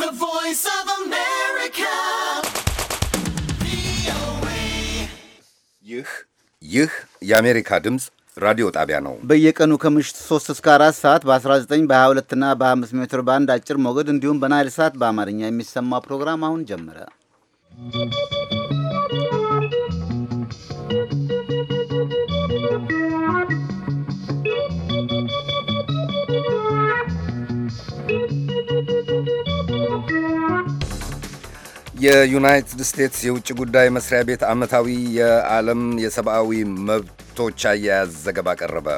ይህ ይህ የአሜሪካ ድምፅ ራዲዮ ጣቢያ ነው። በየቀኑ ከምሽት 3 እስከ 4 ሰዓት በ19 በ22 እና በ25 ሜትር ባንድ አጭር ሞገድ እንዲሁም በናይል ሰዓት በአማርኛ የሚሰማ ፕሮግራም አሁን ጀመረ። የዩናይትድ ስቴትስ የውጭ ጉዳይ መስሪያ ቤት ዓመታዊ የዓለም የሰብአዊ መብቶች አያያዝ ዘገባ ቀረበ።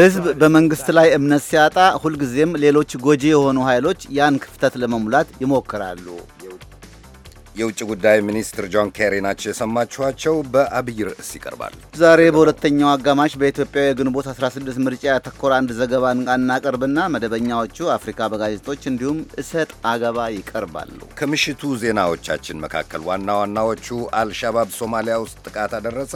ሕዝብ በመንግሥት ላይ እምነት ሲያጣ ሁልጊዜም ሌሎች ጎጂ የሆኑ ኃይሎች ያን ክፍተት ለመሙላት ይሞክራሉ። የውጭ ጉዳይ ሚኒስትር ጆን ኬሪ ናቸው የሰማችኋቸው። በአብይ ርዕስ ይቀርባል። ዛሬ በሁለተኛው አጋማሽ በኢትዮጵያ የግንቦት 16 ምርጫ ያተኮረ አንድ ዘገባ እናቀርብና መደበኛዎቹ አፍሪካ በጋዜጦች እንዲሁም እሰጥ አገባ ይቀርባሉ። ከምሽቱ ዜናዎቻችን መካከል ዋና ዋናዎቹ አልሻባብ ሶማሊያ ውስጥ ጥቃት አደረሰ፣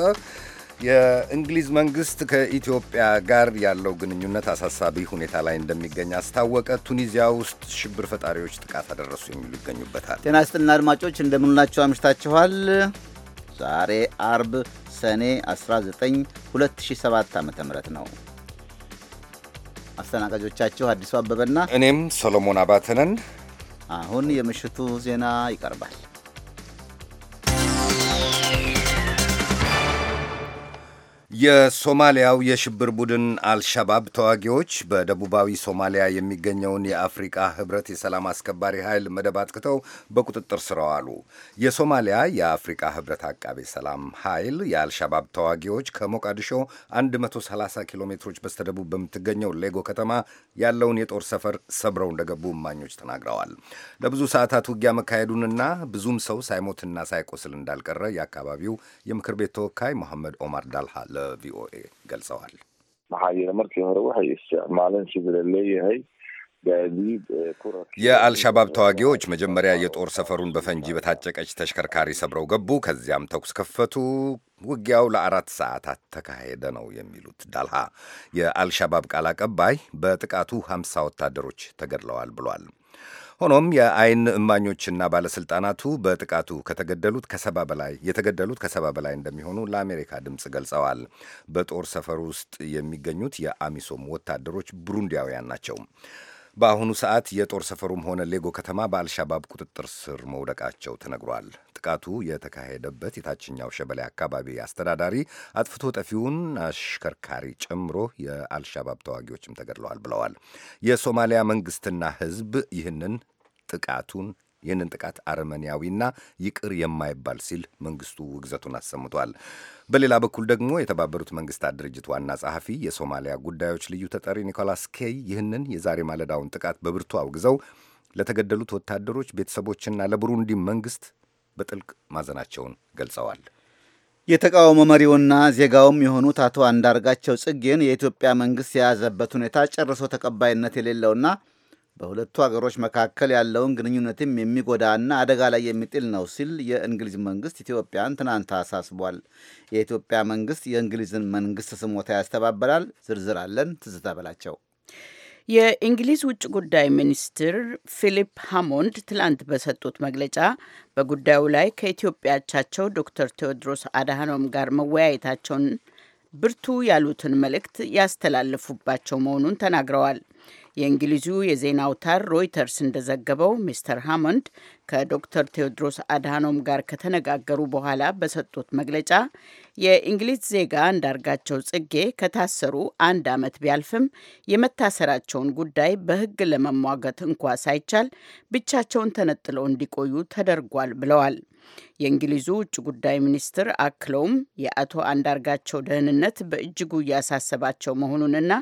የእንግሊዝ መንግስት ከኢትዮጵያ ጋር ያለው ግንኙነት አሳሳቢ ሁኔታ ላይ እንደሚገኝ አስታወቀ። ቱኒዚያ ውስጥ ሽብር ፈጣሪዎች ጥቃት አደረሱ የሚሉ ይገኙበታል። ጤና ይስጥልና አድማጮች እንደምንላቸው አምሽታችኋል። ዛሬ አርብ ሰኔ 19 2007 ዓ ም ነው። አስተናጋጆቻችሁ አዲሱ አበበና እኔም ሰሎሞን አባተነን። አሁን የምሽቱ ዜና ይቀርባል። የሶማሊያው የሽብር ቡድን አልሻባብ ተዋጊዎች በደቡባዊ ሶማሊያ የሚገኘውን የአፍሪቃ ህብረት የሰላም አስከባሪ ኃይል መደብ አጥቅተው በቁጥጥር ስር አዋሉ። የሶማሊያ የአፍሪቃ ህብረት አቃቤ ሰላም ኃይል የአልሻባብ ተዋጊዎች ከሞቃዲሾ 130 ኪሎ ሜትሮች በስተደቡብ በምትገኘው ሌጎ ከተማ ያለውን የጦር ሰፈር ሰብረው እንደገቡ እማኞች ተናግረዋል። ለብዙ ሰዓታት ውጊያ መካሄዱንና ብዙም ሰው ሳይሞትና ሳይቆስል እንዳልቀረ የአካባቢው የምክር ቤት ተወካይ መሐመድ ኦማር ዳልሃለ ለቪኦኤ ገልጸዋል። የአልሻባብ ተዋጊዎች መጀመሪያ የጦር ሰፈሩን በፈንጂ በታጨቀች ተሽከርካሪ ሰብረው ገቡ። ከዚያም ተኩስ ከፈቱ። ውጊያው ለአራት ሰዓታት ተካሄደ ነው የሚሉት ዳልሃ። የአልሻባብ ቃል አቀባይ በጥቃቱ ሀምሳ ወታደሮች ተገድለዋል ብሏል። ሆኖም የአይን እማኞችና ባለሥልጣናቱ በጥቃቱ ከተገደሉት ከሰባ በላይ የተገደሉት ከሰባ በላይ እንደሚሆኑ ለአሜሪካ ድምፅ ገልጸዋል። በጦር ሰፈር ውስጥ የሚገኙት የአሚሶም ወታደሮች ብሩንዲያውያን ናቸው። በአሁኑ ሰዓት የጦር ሰፈሩም ሆነ ሌጎ ከተማ በአልሻባብ ቁጥጥር ስር መውደቃቸው ተነግሯል። ጥቃቱ የተካሄደበት የታችኛው ሸበሌ አካባቢ አስተዳዳሪ አጥፍቶ ጠፊውን አሽከርካሪ ጨምሮ የአልሻባብ ተዋጊዎችም ተገድለዋል ብለዋል። የሶማሊያ መንግስትና ሕዝብ ይህንን ጥቃቱን ይህንን ጥቃት አርመንያዊና ይቅር የማይባል ሲል መንግስቱ ውግዘቱን አሰምቷል። በሌላ በኩል ደግሞ የተባበሩት መንግስታት ድርጅት ዋና ጸሐፊ የሶማሊያ ጉዳዮች ልዩ ተጠሪ ኒኮላስ ኬይ ይህንን የዛሬ ማለዳውን ጥቃት በብርቱ አውግዘው ለተገደሉት ወታደሮች ቤተሰቦችና ለቡሩንዲ መንግስት በጥልቅ ማዘናቸውን ገልጸዋል። የተቃውሞ መሪውና ዜጋውም የሆኑት አቶ አንዳርጋቸው ጽጌን የኢትዮጵያ መንግስት የያዘበት ሁኔታ ጨርሶ ተቀባይነት የሌለውና በሁለቱ ሀገሮች መካከል ያለውን ግንኙነትም የሚጎዳና አደጋ ላይ የሚጥል ነው ሲል የእንግሊዝ መንግስት ኢትዮጵያን ትናንት አሳስቧል። የኢትዮጵያ መንግስት የእንግሊዝን መንግስት ስሞታ ያስተባበላል። ዝርዝር አለን። ትዝታ በላቸው የእንግሊዝ ውጭ ጉዳይ ሚኒስትር ፊሊፕ ሃሞንድ ትላንት በሰጡት መግለጫ በጉዳዩ ላይ ከኢትዮጵያ አቻቸው ዶክተር ቴዎድሮስ አድሃኖም ጋር መወያየታቸውን ብርቱ ያሉትን መልእክት ያስተላለፉባቸው መሆኑን ተናግረዋል። የእንግሊዙ የዜና አውታር ሮይተርስ እንደዘገበው ሚስተር ሃሞንድ ከዶክተር ቴዎድሮስ አድሃኖም ጋር ከተነጋገሩ በኋላ በሰጡት መግለጫ የእንግሊዝ ዜጋ አንዳርጋቸው ጽጌ ከታሰሩ አንድ ዓመት ቢያልፍም የመታሰራቸውን ጉዳይ በሕግ ለመሟገት እንኳ ሳይቻል ብቻቸውን ተነጥለው እንዲቆዩ ተደርጓል ብለዋል። የእንግሊዙ ውጭ ጉዳይ ሚኒስትር አክለውም የአቶ አንዳርጋቸው ደህንነት በእጅጉ እያሳሰባቸው መሆኑንና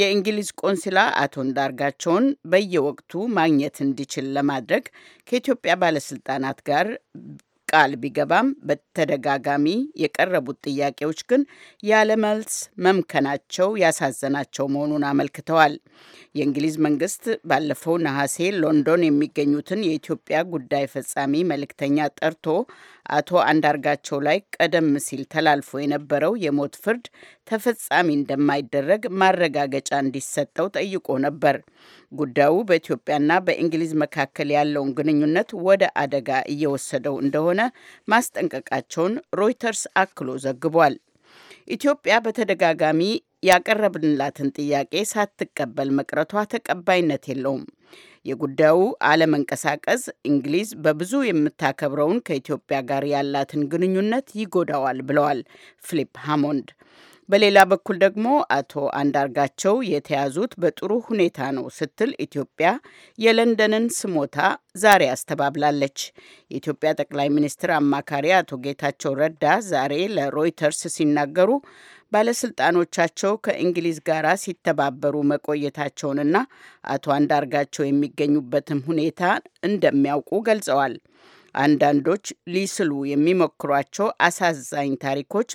የእንግሊዝ ቆንሲላ አቶ አንዳርጋቸውን በየወቅቱ ማግኘት እንዲችል ለማድረግ ከኢትዮ ከኢትዮጵያ ባለስልጣናት ጋር ቃል ቢገባም በተደጋጋሚ የቀረቡት ጥያቄዎች ግን ያለመልስ መምከናቸው ያሳዘናቸው መሆኑን አመልክተዋል። የእንግሊዝ መንግስት ባለፈው ነሐሴ ሎንዶን የሚገኙትን የኢትዮጵያ ጉዳይ ፈጻሚ መልእክተኛ ጠርቶ አቶ አንዳርጋቸው ላይ ቀደም ሲል ተላልፎ የነበረው የሞት ፍርድ ተፈጻሚ እንደማይደረግ ማረጋገጫ እንዲሰጠው ጠይቆ ነበር። ጉዳዩ በኢትዮጵያና በእንግሊዝ መካከል ያለውን ግንኙነት ወደ አደጋ እየወሰደው እንደሆነ ማስጠንቀቃቸውን ሮይተርስ አክሎ ዘግቧል። ኢትዮጵያ በተደጋጋሚ ያቀረብንላትን ጥያቄ ሳትቀበል መቅረቷ ተቀባይነት የለውም። የጉዳዩ አለመንቀሳቀስ እንግሊዝ በብዙ የምታከብረውን ከኢትዮጵያ ጋር ያላትን ግንኙነት ይጎዳዋል ብለዋል ፊሊፕ ሃሞንድ። በሌላ በኩል ደግሞ አቶ አንዳርጋቸው የተያዙት በጥሩ ሁኔታ ነው ስትል ኢትዮጵያ የለንደንን ስሞታ ዛሬ አስተባብላለች። የኢትዮጵያ ጠቅላይ ሚኒስትር አማካሪ አቶ ጌታቸው ረዳ ዛሬ ለሮይተርስ ሲናገሩ ባለስልጣኖቻቸው ከእንግሊዝ ጋር ሲተባበሩ መቆየታቸውንና አቶ አንዳርጋቸው የሚገኙበትም ሁኔታ እንደሚያውቁ ገልጸዋል። አንዳንዶች ሊስሉ የሚሞክሯቸው አሳዛኝ ታሪኮች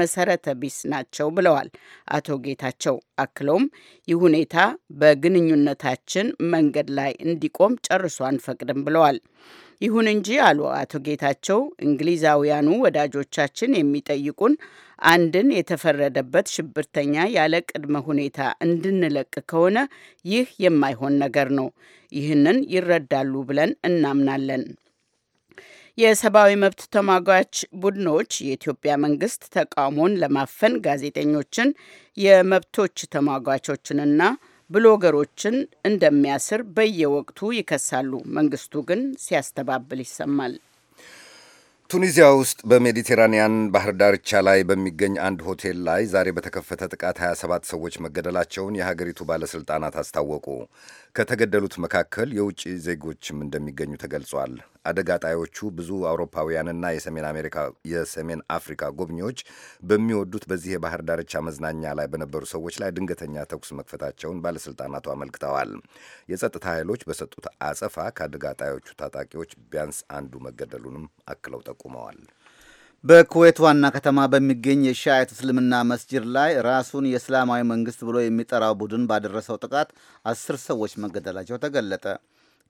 መሰረተ ቢስ ናቸው ብለዋል አቶ ጌታቸው። አክለውም ይህ ሁኔታ በግንኙነታችን መንገድ ላይ እንዲቆም ጨርሶ አንፈቅድም ብለዋል። ይሁን እንጂ አሉ አቶ ጌታቸው እንግሊዛውያኑ ወዳጆቻችን የሚጠይቁን አንድን የተፈረደበት ሽብርተኛ ያለ ቅድመ ሁኔታ እንድንለቅ ከሆነ ይህ የማይሆን ነገር ነው። ይህንን ይረዳሉ ብለን እናምናለን። የሰብአዊ መብት ተሟጋች ቡድኖች የኢትዮጵያ መንግስት ተቃውሞን ለማፈን ጋዜጠኞችን፣ የመብቶች ተሟጋቾችንና ብሎገሮችን እንደሚያስር በየወቅቱ ይከሳሉ። መንግስቱ ግን ሲያስተባብል ይሰማል። ቱኒዚያ ውስጥ በሜዲቴራንያን ባህር ዳርቻ ላይ በሚገኝ አንድ ሆቴል ላይ ዛሬ በተከፈተ ጥቃት 27 ሰዎች መገደላቸውን የሀገሪቱ ባለሥልጣናት አስታወቁ። ከተገደሉት መካከል የውጭ ዜጎችም እንደሚገኙ ተገልጿል። አደጋ ጣዮቹ ብዙ አውሮፓውያንና የሰሜን አፍሪካ ጎብኚዎች በሚወዱት በዚህ የባህር ዳርቻ መዝናኛ ላይ በነበሩ ሰዎች ላይ ድንገተኛ ተኩስ መክፈታቸውን ባለሥልጣናቱ አመልክተዋል። የጸጥታ ኃይሎች በሰጡት አጸፋ ከአደጋ ጣዮቹ ታጣቂዎች ቢያንስ አንዱ መገደሉንም አክለው ጠቁመዋል። በኩዌት ዋና ከተማ በሚገኝ የሻይት እስልምና መስጂድ ላይ ራሱን የእስላማዊ መንግስት ብሎ የሚጠራው ቡድን ባደረሰው ጥቃት አስር ሰዎች መገደላቸው ተገለጠ።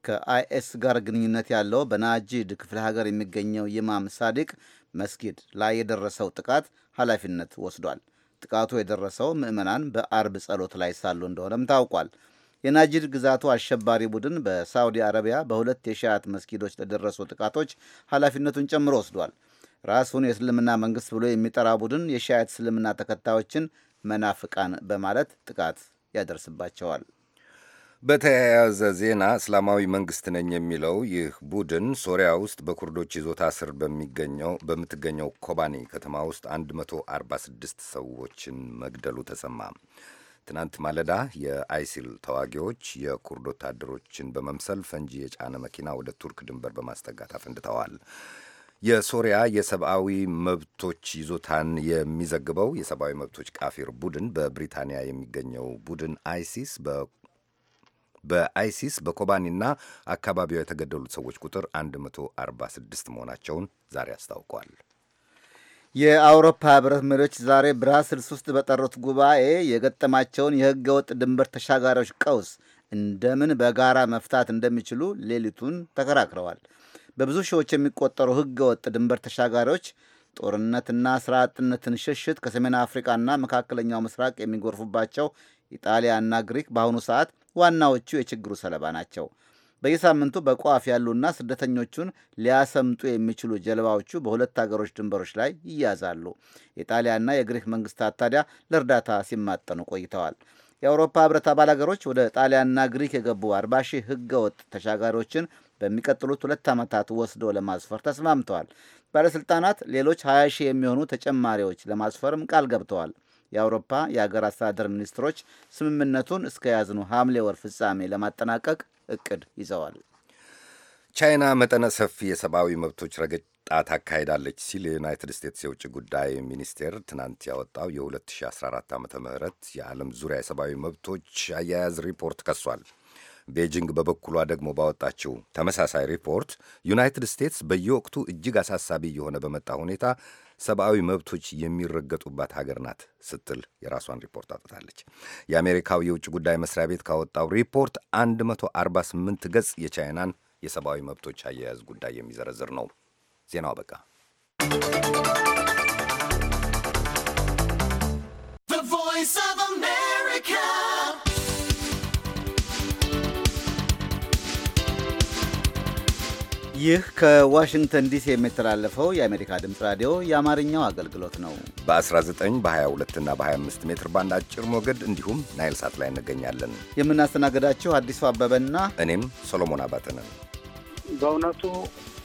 ከአይኤስ ጋር ግንኙነት ያለው በናጂድ ክፍለ ሀገር የሚገኘው ይማም ሳዲቅ መስጊድ ላይ የደረሰው ጥቃት ኃላፊነት ወስዷል። ጥቃቱ የደረሰው ምዕመናን በአርብ ጸሎት ላይ ሳሉ እንደሆነም ታውቋል። የናጂድ ግዛቱ አሸባሪ ቡድን በሳውዲ አረቢያ በሁለት የሻያት መስጊዶች ለደረሱ ጥቃቶች ኃላፊነቱን ጨምሮ ወስዷል። ራሱን የእስልምና መንግስት ብሎ የሚጠራ ቡድን የሻያት እስልምና ተከታዮችን መናፍቃን በማለት ጥቃት ያደርስባቸዋል። በተያያዘ ዜና እስላማዊ መንግስት ነኝ የሚለው ይህ ቡድን ሶሪያ ውስጥ በኩርዶች ይዞታ ስር በሚገኘው በምትገኘው ኮባኔ ከተማ ውስጥ 146 ሰዎችን መግደሉ ተሰማ። ትናንት ማለዳ የአይሲል ተዋጊዎች የኩርድ ወታደሮችን በመምሰል ፈንጂ የጫነ መኪና ወደ ቱርክ ድንበር በማስጠጋት አፈንድተዋል። የሶሪያ የሰብአዊ መብቶች ይዞታን የሚዘግበው የሰብአዊ መብቶች ቃፊር ቡድን በብሪታንያ የሚገኘው ቡድን አይሲስ በአይሲስ በኮባኒና አካባቢዋ የተገደሉት ሰዎች ቁጥር 146 መሆናቸውን ዛሬ አስታውቋል። የአውሮፓ ህብረት መሪዎች ዛሬ ብራስልስ ውስጥ በጠሩት ጉባኤ የገጠማቸውን የህገ ወጥ ድንበር ተሻጋሪዎች ቀውስ እንደምን በጋራ መፍታት እንደሚችሉ ሌሊቱን ተከራክረዋል። በብዙ ሺዎች የሚቆጠሩ ወጥ ድንበር ተሻጋሪዎች ጦርነትና ስራ አጥነትን ሽሽት ከሰሜን አፍሪካና መካከለኛው ምስራቅ የሚጎርፉባቸው ኢጣሊያና ግሪክ በአሁኑ ሰዓት ዋናዎቹ የችግሩ ሰለባ ናቸው። በየሳምንቱ በቋፍ ያሉና ስደተኞቹን ሊያሰምጡ የሚችሉ ጀልባዎቹ በሁለት ሀገሮች ድንበሮች ላይ ይያዛሉ። የጣሊያና የግሪክ መንግስታት ታዲያ ለእርዳታ ሲማጠኑ ቆይተዋል። የአውሮፓ ህብረት አባል አገሮች ወደ ጣሊያንና ግሪክ የገቡ 40 ሺህ ህገወጥ ተሻጋሪዎችን በሚቀጥሉት ሁለት ዓመታት ወስዶ ለማስፈር ተስማምተዋል። ባለሥልጣናት ሌሎች 20 ሺህ የሚሆኑ ተጨማሪዎች ለማስፈርም ቃል ገብተዋል። የአውሮፓ የአገር አስተዳደር ሚኒስትሮች ስምምነቱን እስከ ያዝኑ ሐምሌ ወር ፍጻሜ ለማጠናቀቅ እቅድ ይዘዋል። ቻይና መጠነ ሰፊ የሰብአዊ መብቶች ረገጣ ታካሂዳለች ሲል የዩናይትድ ስቴትስ የውጭ ጉዳይ ሚኒስቴር ትናንት ያወጣው የ2014 ዓ ም የዓለም ዙሪያ የሰብአዊ መብቶች አያያዝ ሪፖርት ከሷል። ቤጂንግ በበኩሏ ደግሞ ባወጣችው ተመሳሳይ ሪፖርት ዩናይትድ ስቴትስ በየወቅቱ እጅግ አሳሳቢ የሆነ በመጣ ሁኔታ ሰብአዊ መብቶች የሚረገጡባት ሀገር ናት ስትል የራሷን ሪፖርት አውጥታለች። የአሜሪካው የውጭ ጉዳይ መስሪያ ቤት ካወጣው ሪፖርት 148 ገጽ የቻይናን የሰብአዊ መብቶች አያያዝ ጉዳይ የሚዘረዝር ነው። ዜናው አበቃ። ይህ ከዋሽንግተን ዲሲ የሚተላለፈው የአሜሪካ ድምፅ ራዲዮ የአማርኛው አገልግሎት ነው። በ19 በ22 እና በ25 ሜትር ባንድ አጭር ሞገድ እንዲሁም ናይል ሳት ላይ እንገኛለን። የምናስተናግዳችሁ አዲሱ አበበና እኔም ሶሎሞን አባተ ነን። በእውነቱ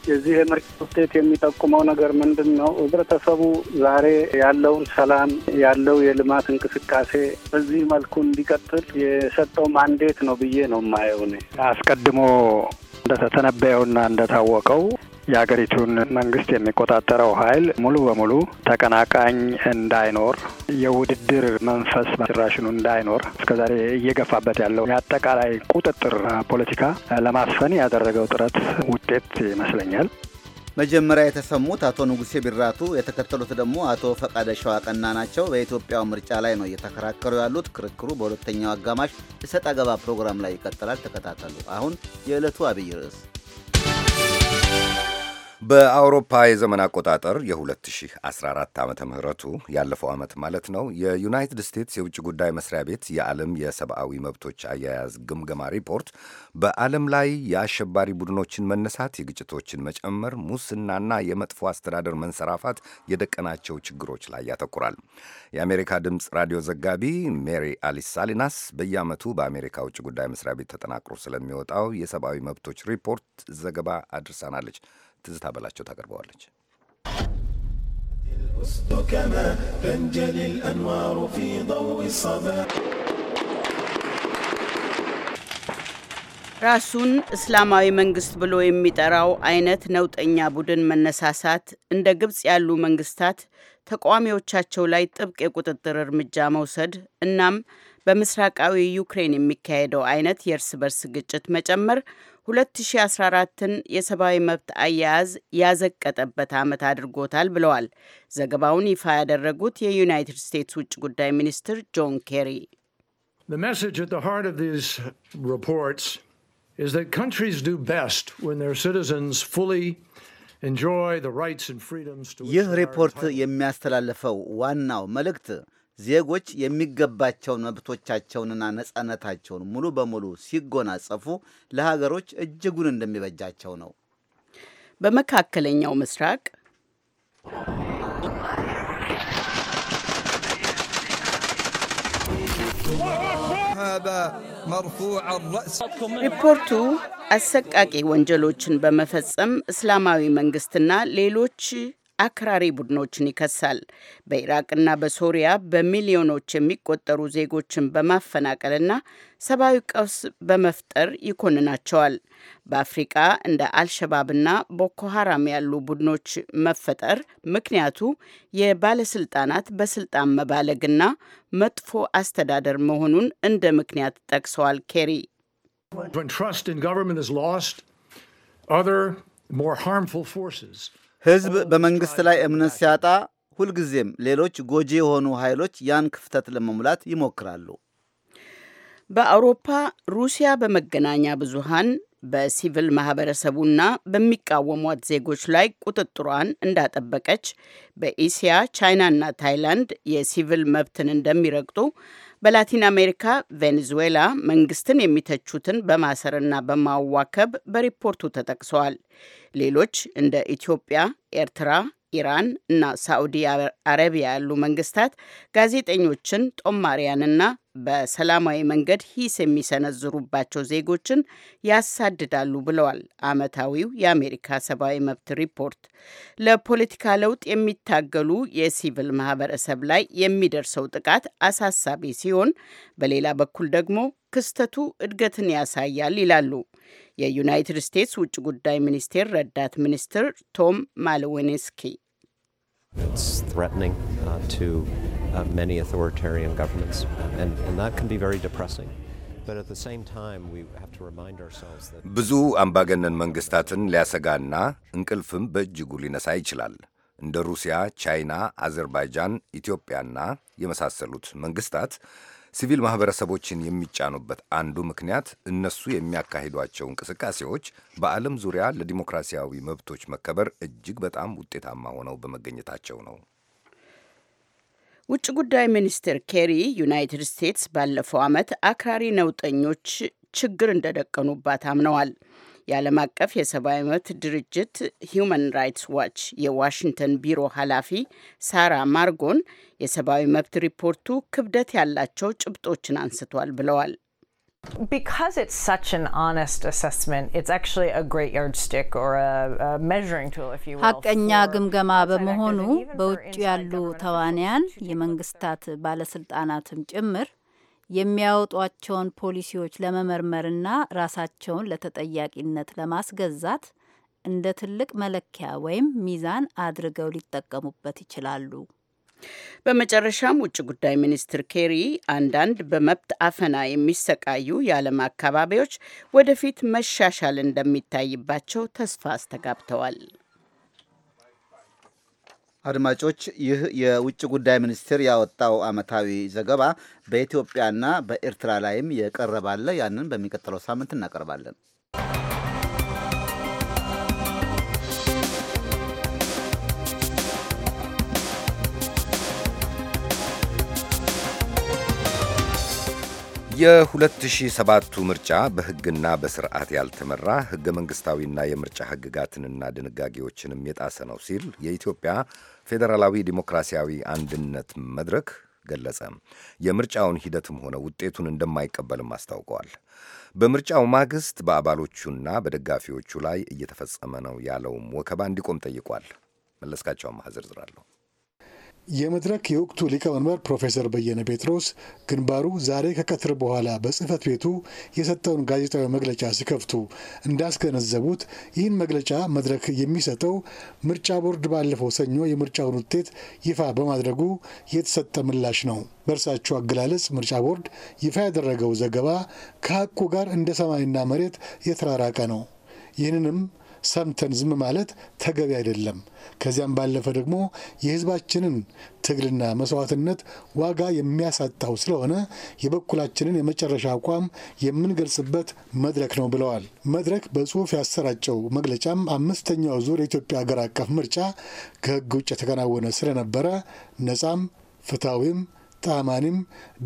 የዚህ የምርጫ ውጤት የሚጠቁመው ነገር ምንድን ነው? ህብረተሰቡ ዛሬ ያለውን ሰላም ያለው የልማት እንቅስቃሴ በዚህ መልኩ እንዲቀጥል የሰጠው ማንዴት ነው ብዬ ነው የማየው። እኔ አስቀድሞ እንደተተነበየውና እንደታወቀው የሀገሪቱን መንግስት የሚቆጣጠረው ኃይል ሙሉ በሙሉ ተቀናቃኝ እንዳይኖር የውድድር መንፈስ ጭራሽኑ እንዳይኖር እስከዛሬ እየገፋበት ያለው የአጠቃላይ ቁጥጥር ፖለቲካ ለማስፈን ያደረገው ጥረት ውጤት ይመስለኛል። መጀመሪያ የተሰሙት አቶ ንጉሴ ቢራቱ፣ የተከተሉት ደግሞ አቶ ፈቃደ ሸዋቀና ናቸው። በኢትዮጵያው ምርጫ ላይ ነው እየተከራከሩ ያሉት። ክርክሩ በሁለተኛው አጋማሽ እሰጥ አገባ ፕሮግራም ላይ ይቀጥላል። ተከታተሉ። አሁን የዕለቱ አብይ ርዕስ በአውሮፓ የዘመን አቆጣጠር የ2014 ዓመተ ምህረቱ ያለፈው ዓመት ማለት ነው። የዩናይትድ ስቴትስ የውጭ ጉዳይ መስሪያ ቤት የዓለም የሰብአዊ መብቶች አያያዝ ግምገማ ሪፖርት በዓለም ላይ የአሸባሪ ቡድኖችን መነሳት፣ የግጭቶችን መጨመር፣ ሙስናና የመጥፎ አስተዳደር መንሰራፋት የደቀናቸው ችግሮች ላይ ያተኩራል። የአሜሪካ ድምፅ ራዲዮ ዘጋቢ ሜሪ አሊስ ሳሊናስ በየዓመቱ በአሜሪካ ውጭ ጉዳይ መስሪያ ቤት ተጠናቅሮ ስለሚወጣው የሰብአዊ መብቶች ሪፖርት ዘገባ አድርሳናለች። ትዝታ በላቸው ታቀርበዋለች። ራሱን እስላማዊ መንግስት ብሎ የሚጠራው አይነት ነውጠኛ ቡድን መነሳሳት እንደ ግብፅ ያሉ መንግስታት ተቃዋሚዎቻቸው ላይ ጥብቅ የቁጥጥር እርምጃ መውሰድ እናም በምስራቃዊ ዩክሬን የሚካሄደው አይነት የእርስ በርስ ግጭት መጨመር 2014ን የሰብአዊ መብት አያያዝ ያዘቀጠበት ዓመት አድርጎታል ብለዋል። ዘገባውን ይፋ ያደረጉት የዩናይትድ ስቴትስ ውጭ ጉዳይ ሚኒስትር ጆን ኬሪ ይህ ሪፖርት የሚያስተላልፈው ዋናው መልእክት ዜጎች የሚገባቸውን መብቶቻቸውንና ነጻነታቸውን ሙሉ በሙሉ ሲጎናጸፉ ለሀገሮች እጅጉን እንደሚበጃቸው ነው። በመካከለኛው ምስራቅ ሪፖርቱ አሰቃቂ ወንጀሎችን በመፈጸም እስላማዊ መንግስትና ሌሎች አክራሪ ቡድኖችን ይከሳል። በኢራቅና በሶሪያ በሚሊዮኖች የሚቆጠሩ ዜጎችን በማፈናቀልና ሰብአዊ ቀውስ በመፍጠር ይኮንናቸዋል። በአፍሪቃ እንደ አልሸባብና ቦኮ ሀራም ያሉ ቡድኖች መፈጠር ምክንያቱ የባለስልጣናት በስልጣን መባለግና መጥፎ አስተዳደር መሆኑን እንደ ምክንያት ጠቅሰዋል ኬሪ When trust in government is other more harmful forces ህዝብ በመንግስት ላይ እምነት ሲያጣ ሁልጊዜም ሌሎች ጎጂ የሆኑ ኃይሎች ያን ክፍተት ለመሙላት ይሞክራሉ። በአውሮፓ ሩሲያ በመገናኛ ብዙሃን በሲቪል ማህበረሰቡና በሚቃወሟት ዜጎች ላይ ቁጥጥሯን እንዳጠበቀች በኢሲያ ቻይናና ታይላንድ የሲቪል መብትን እንደሚረግጡ በላቲን አሜሪካ ቬኔዙዌላ መንግስትን የሚተቹትን በማሰርና በማዋከብ በሪፖርቱ ተጠቅሰዋል። ሌሎች እንደ ኢትዮጵያ፣ ኤርትራ ኢራን እና ሳዑዲ አረቢያ ያሉ መንግስታት ጋዜጠኞችን፣ ጦማሪያንና በሰላማዊ መንገድ ሂስ የሚሰነዝሩባቸው ዜጎችን ያሳድዳሉ ብለዋል ዓመታዊው የአሜሪካ ሰብአዊ መብት ሪፖርት። ለፖለቲካ ለውጥ የሚታገሉ የሲቪል ማህበረሰብ ላይ የሚደርሰው ጥቃት አሳሳቢ ሲሆን፣ በሌላ በኩል ደግሞ ክስተቱ እድገትን ያሳያል ይላሉ የዩናይትድ ስቴትስ ውጭ ጉዳይ ሚኒስቴር ረዳት ሚኒስትር ቶም ማልዊንስኪ። uh, many authoritarian governments, um, and, and that can be very depressing. ብዙ አምባገነን መንግስታትን ሊያሰጋና እንቅልፍም በእጅጉ ሊነሳ ይችላል። እንደ ሩሲያ፣ ቻይና፣ አዘርባይጃን፣ ኢትዮጵያና የመሳሰሉት መንግስታት ሲቪል ማኅበረሰቦችን የሚጫኑበት አንዱ ምክንያት እነሱ የሚያካሂዷቸው እንቅስቃሴዎች በዓለም ዙሪያ ለዲሞክራሲያዊ መብቶች መከበር እጅግ በጣም ውጤታማ ሆነው በመገኘታቸው ነው። ውጭ ጉዳይ ሚኒስትር ኬሪ ዩናይትድ ስቴትስ ባለፈው ዓመት አክራሪ ነውጠኞች ችግር እንደደቀኑባት አምነዋል። የዓለም አቀፍ የሰብአዊ መብት ድርጅት ሂዩማን ራይትስ ዋች የዋሽንግተን ቢሮ ኃላፊ ሳራ ማርጎን የሰብአዊ መብት ሪፖርቱ ክብደት ያላቸው ጭብጦችን አንስቷል ብለዋል። Because it's such an honest assessment, it's actually a great yardstick or a, a measuring tool, if you will. ሀቀኛ ግምገማ በመሆኑ በውጭ ያሉ ተዋንያን የመንግስታት ባለስልጣናትም ጭምር የሚያወጧቸውን ፖሊሲዎች ለመመርመርና ራሳቸውን ለተጠያቂነት ለማስገዛት እንደ ትልቅ መለኪያ ወይም ሚዛን አድርገው ሊጠቀሙበት ይችላሉ። በመጨረሻም ውጭ ጉዳይ ሚኒስትር ኬሪ አንዳንድ በመብት አፈና የሚሰቃዩ የዓለም አካባቢዎች ወደፊት መሻሻል እንደሚታይባቸው ተስፋ አስተጋብተዋል። አድማጮች፣ ይህ የውጭ ጉዳይ ሚኒስቴር ያወጣው ዓመታዊ ዘገባ በኢትዮጵያና በኤርትራ ላይም የቀረባለ ያንን በሚቀጥለው ሳምንት እናቀርባለን። የ2007ቱ ምርጫ በሕግና በስርዓት ያልተመራ ሕገ መንግሥታዊና የምርጫ ሕግጋትንና ድንጋጌዎችንም የጣሰ ነው ሲል የኢትዮጵያ ፌዴራላዊ ዲሞክራሲያዊ አንድነት መድረክ ገለጸ። የምርጫውን ሂደትም ሆነ ውጤቱን እንደማይቀበልም አስታውቀዋል። በምርጫው ማግስት በአባሎቹና በደጋፊዎቹ ላይ እየተፈጸመ ነው ያለውም ወከባ እንዲቆም ጠይቋል። መለስካቸውም ዝርዝር አለሁ የመድረክ የወቅቱ ሊቀመንበር ፕሮፌሰር በየነ ጴጥሮስ ግንባሩ ዛሬ ከቀትር በኋላ በጽህፈት ቤቱ የሰጠውን ጋዜጣዊ መግለጫ ሲከፍቱ እንዳስገነዘቡት ይህን መግለጫ መድረክ የሚሰጠው ምርጫ ቦርድ ባለፈው ሰኞ የምርጫውን ውጤት ይፋ በማድረጉ የተሰጠ ምላሽ ነው። በእርሳቸው አገላለጽ ምርጫ ቦርድ ይፋ ያደረገው ዘገባ ከሐቁ ጋር እንደ ሰማይና መሬት የተራራቀ ነው። ይህንንም ሰምተን ዝም ማለት ተገቢ አይደለም። ከዚያም ባለፈ ደግሞ የህዝባችንን ትግልና መስዋዕትነት ዋጋ የሚያሳጣው ስለሆነ የበኩላችንን የመጨረሻ አቋም የምንገልጽበት መድረክ ነው ብለዋል። መድረክ በጽሁፍ ያሰራጨው መግለጫም አምስተኛው ዙር የኢትዮጵያ ሀገር አቀፍ ምርጫ ከህግ ውጭ የተከናወነ ስለነበረ ነጻም፣ ፍትሐዊም፣ ተአማኒም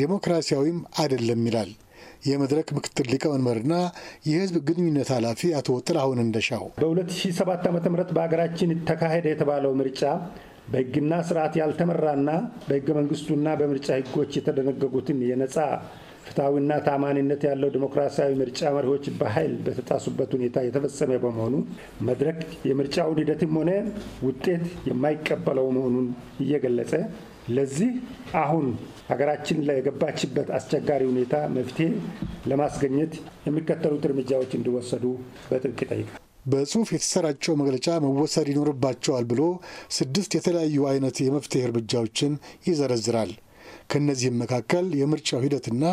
ዴሞክራሲያዊም አይደለም ይላል። የመድረክ ምክትል ሊቀመንበርና የህዝብ ግንኙነት ኃላፊ አቶ ጥላሁን እንደሻው በ2007 ዓ ም በሀገራችን ተካሄደ የተባለው ምርጫ በህግና ስርዓት ያልተመራና በህገ መንግስቱና በምርጫ ህጎች የተደነገጉትን የነፃ ፍትሐዊና ታማኒነት ያለው ዲሞክራሲያዊ ምርጫ መሪዎች በኃይል በተጣሱበት ሁኔታ የተፈጸመ በመሆኑ መድረክ የምርጫውን ሂደትም ሆነ ውጤት የማይቀበለው መሆኑን እየገለጸ ለዚህ አሁን ሀገራችን ላይ የገባችበት አስቸጋሪ ሁኔታ መፍትሄ ለማስገኘት የሚከተሉት እርምጃዎች እንዲወሰዱ በጥብቅ ይጠይቃል። በጽሁፍ የተሰራጨው መግለጫ መወሰድ ይኖርባቸዋል ብሎ ስድስት የተለያዩ አይነት የመፍትሄ እርምጃዎችን ይዘረዝራል። ከእነዚህም መካከል የምርጫው ሂደትና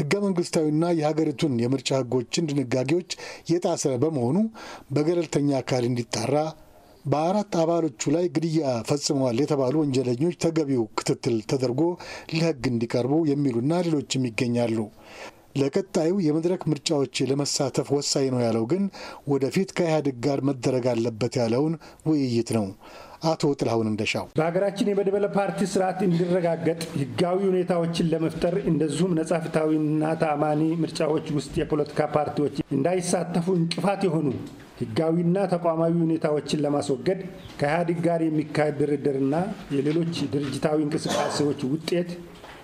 ህገ መንግስታዊና የሀገሪቱን የምርጫ ህጎችን ድንጋጌዎች የጣሰ በመሆኑ በገለልተኛ አካል እንዲጣራ በአራት አባሎቹ ላይ ግድያ ፈጽመዋል የተባሉ ወንጀለኞች ተገቢው ክትትል ተደርጎ ለሕግ እንዲቀርቡ የሚሉና ሌሎችም ይገኛሉ። ለቀጣዩ የመድረክ ምርጫዎች ለመሳተፍ ወሳኝ ነው ያለው ግን ወደፊት ከኢህአዴግ ጋር መደረግ አለበት ያለውን ውይይት ነው። አቶ ጥላሁን እንደሻው በሀገራችን የመድበለ ፓርቲ ስርዓት እንዲረጋገጥ ህጋዊ ሁኔታዎችን ለመፍጠር እንደዚሁም ነጻ ፍትሐዊና ተአማኒ ምርጫዎች ውስጥ የፖለቲካ ፓርቲዎች እንዳይሳተፉ እንቅፋት የሆኑ ህጋዊና ተቋማዊ ሁኔታዎችን ለማስወገድ ከኢህአዴግ ጋር የሚካሄድ ድርድርና የሌሎች ድርጅታዊ እንቅስቃሴዎች ውጤት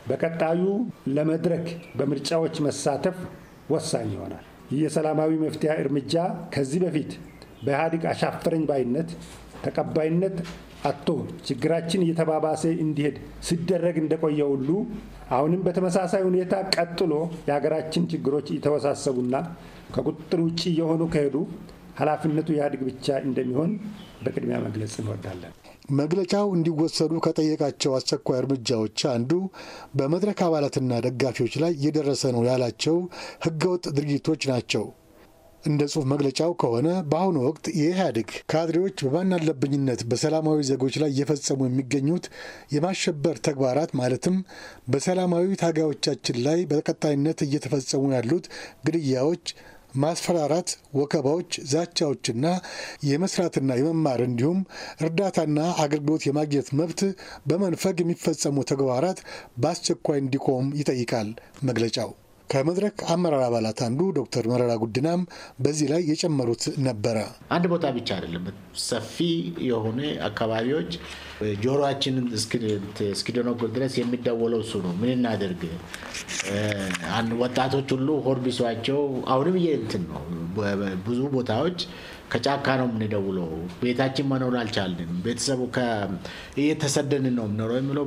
በቀጣዩ ለመድረክ በምርጫዎች መሳተፍ ወሳኝ ይሆናል። ይህ የሰላማዊ መፍትሄ እርምጃ ከዚህ በፊት በኢህአዴግ አሻፈረኝ ባይነት ተቀባይነት አቶ ችግራችን እየተባባሰ እንዲሄድ ሲደረግ እንደቆየ ሁሉ አሁንም በተመሳሳይ ሁኔታ ቀጥሎ የሀገራችን ችግሮች እየተወሳሰቡና ከቁጥጥር ውጭ እየሆኑ ከሄዱ ኃላፊነቱ ኢህአዴግ ብቻ እንደሚሆን በቅድሚያ መግለጽ እንወዳለን። መግለጫው እንዲወሰዱ ከጠየቃቸው አስቸኳይ እርምጃዎች አንዱ በመድረክ አባላትና ደጋፊዎች ላይ እየደረሰ ነው ያላቸው ህገወጥ ድርጊቶች ናቸው። እንደ ጽሁፍ መግለጫው ከሆነ በአሁኑ ወቅት የኢህአዴግ ካድሬዎች በማን አለብኝነት በሰላማዊ ዜጎች ላይ እየፈጸሙ የሚገኙት የማሸበር ተግባራት ማለትም በሰላማዊ ታጋዮቻችን ላይ በቀጣይነት እየተፈጸሙ ያሉት ግድያዎች፣ ማስፈራራት፣ ወከባዎች፣ ዛቻዎችና የመስራትና የመማር እንዲሁም እርዳታና አገልግሎት የማግኘት መብት በመንፈግ የሚፈጸሙ ተግባራት በአስቸኳይ እንዲቆም ይጠይቃል መግለጫው። ከመድረክ አመራር አባላት አንዱ ዶክተር መረራ ጉድናም በዚህ ላይ የጨመሩት ነበረ። አንድ ቦታ ብቻ አይደለም፣ ሰፊ የሆነ አካባቢዎች ጆሮአችንን እስኪደነጉር ድረስ የሚደወለው እሱ ነው። ምን እናደርግ? ወጣቶች ሁሉ ሆርቢሷቸው አሁንም እየእንትን ነው ብዙ ቦታዎች ከጫካ ነው የምንደውለው። ቤታችን መኖር አልቻልንም፣ ቤተሰቡ እየተሰደድን ነው የምኖረው የሚለው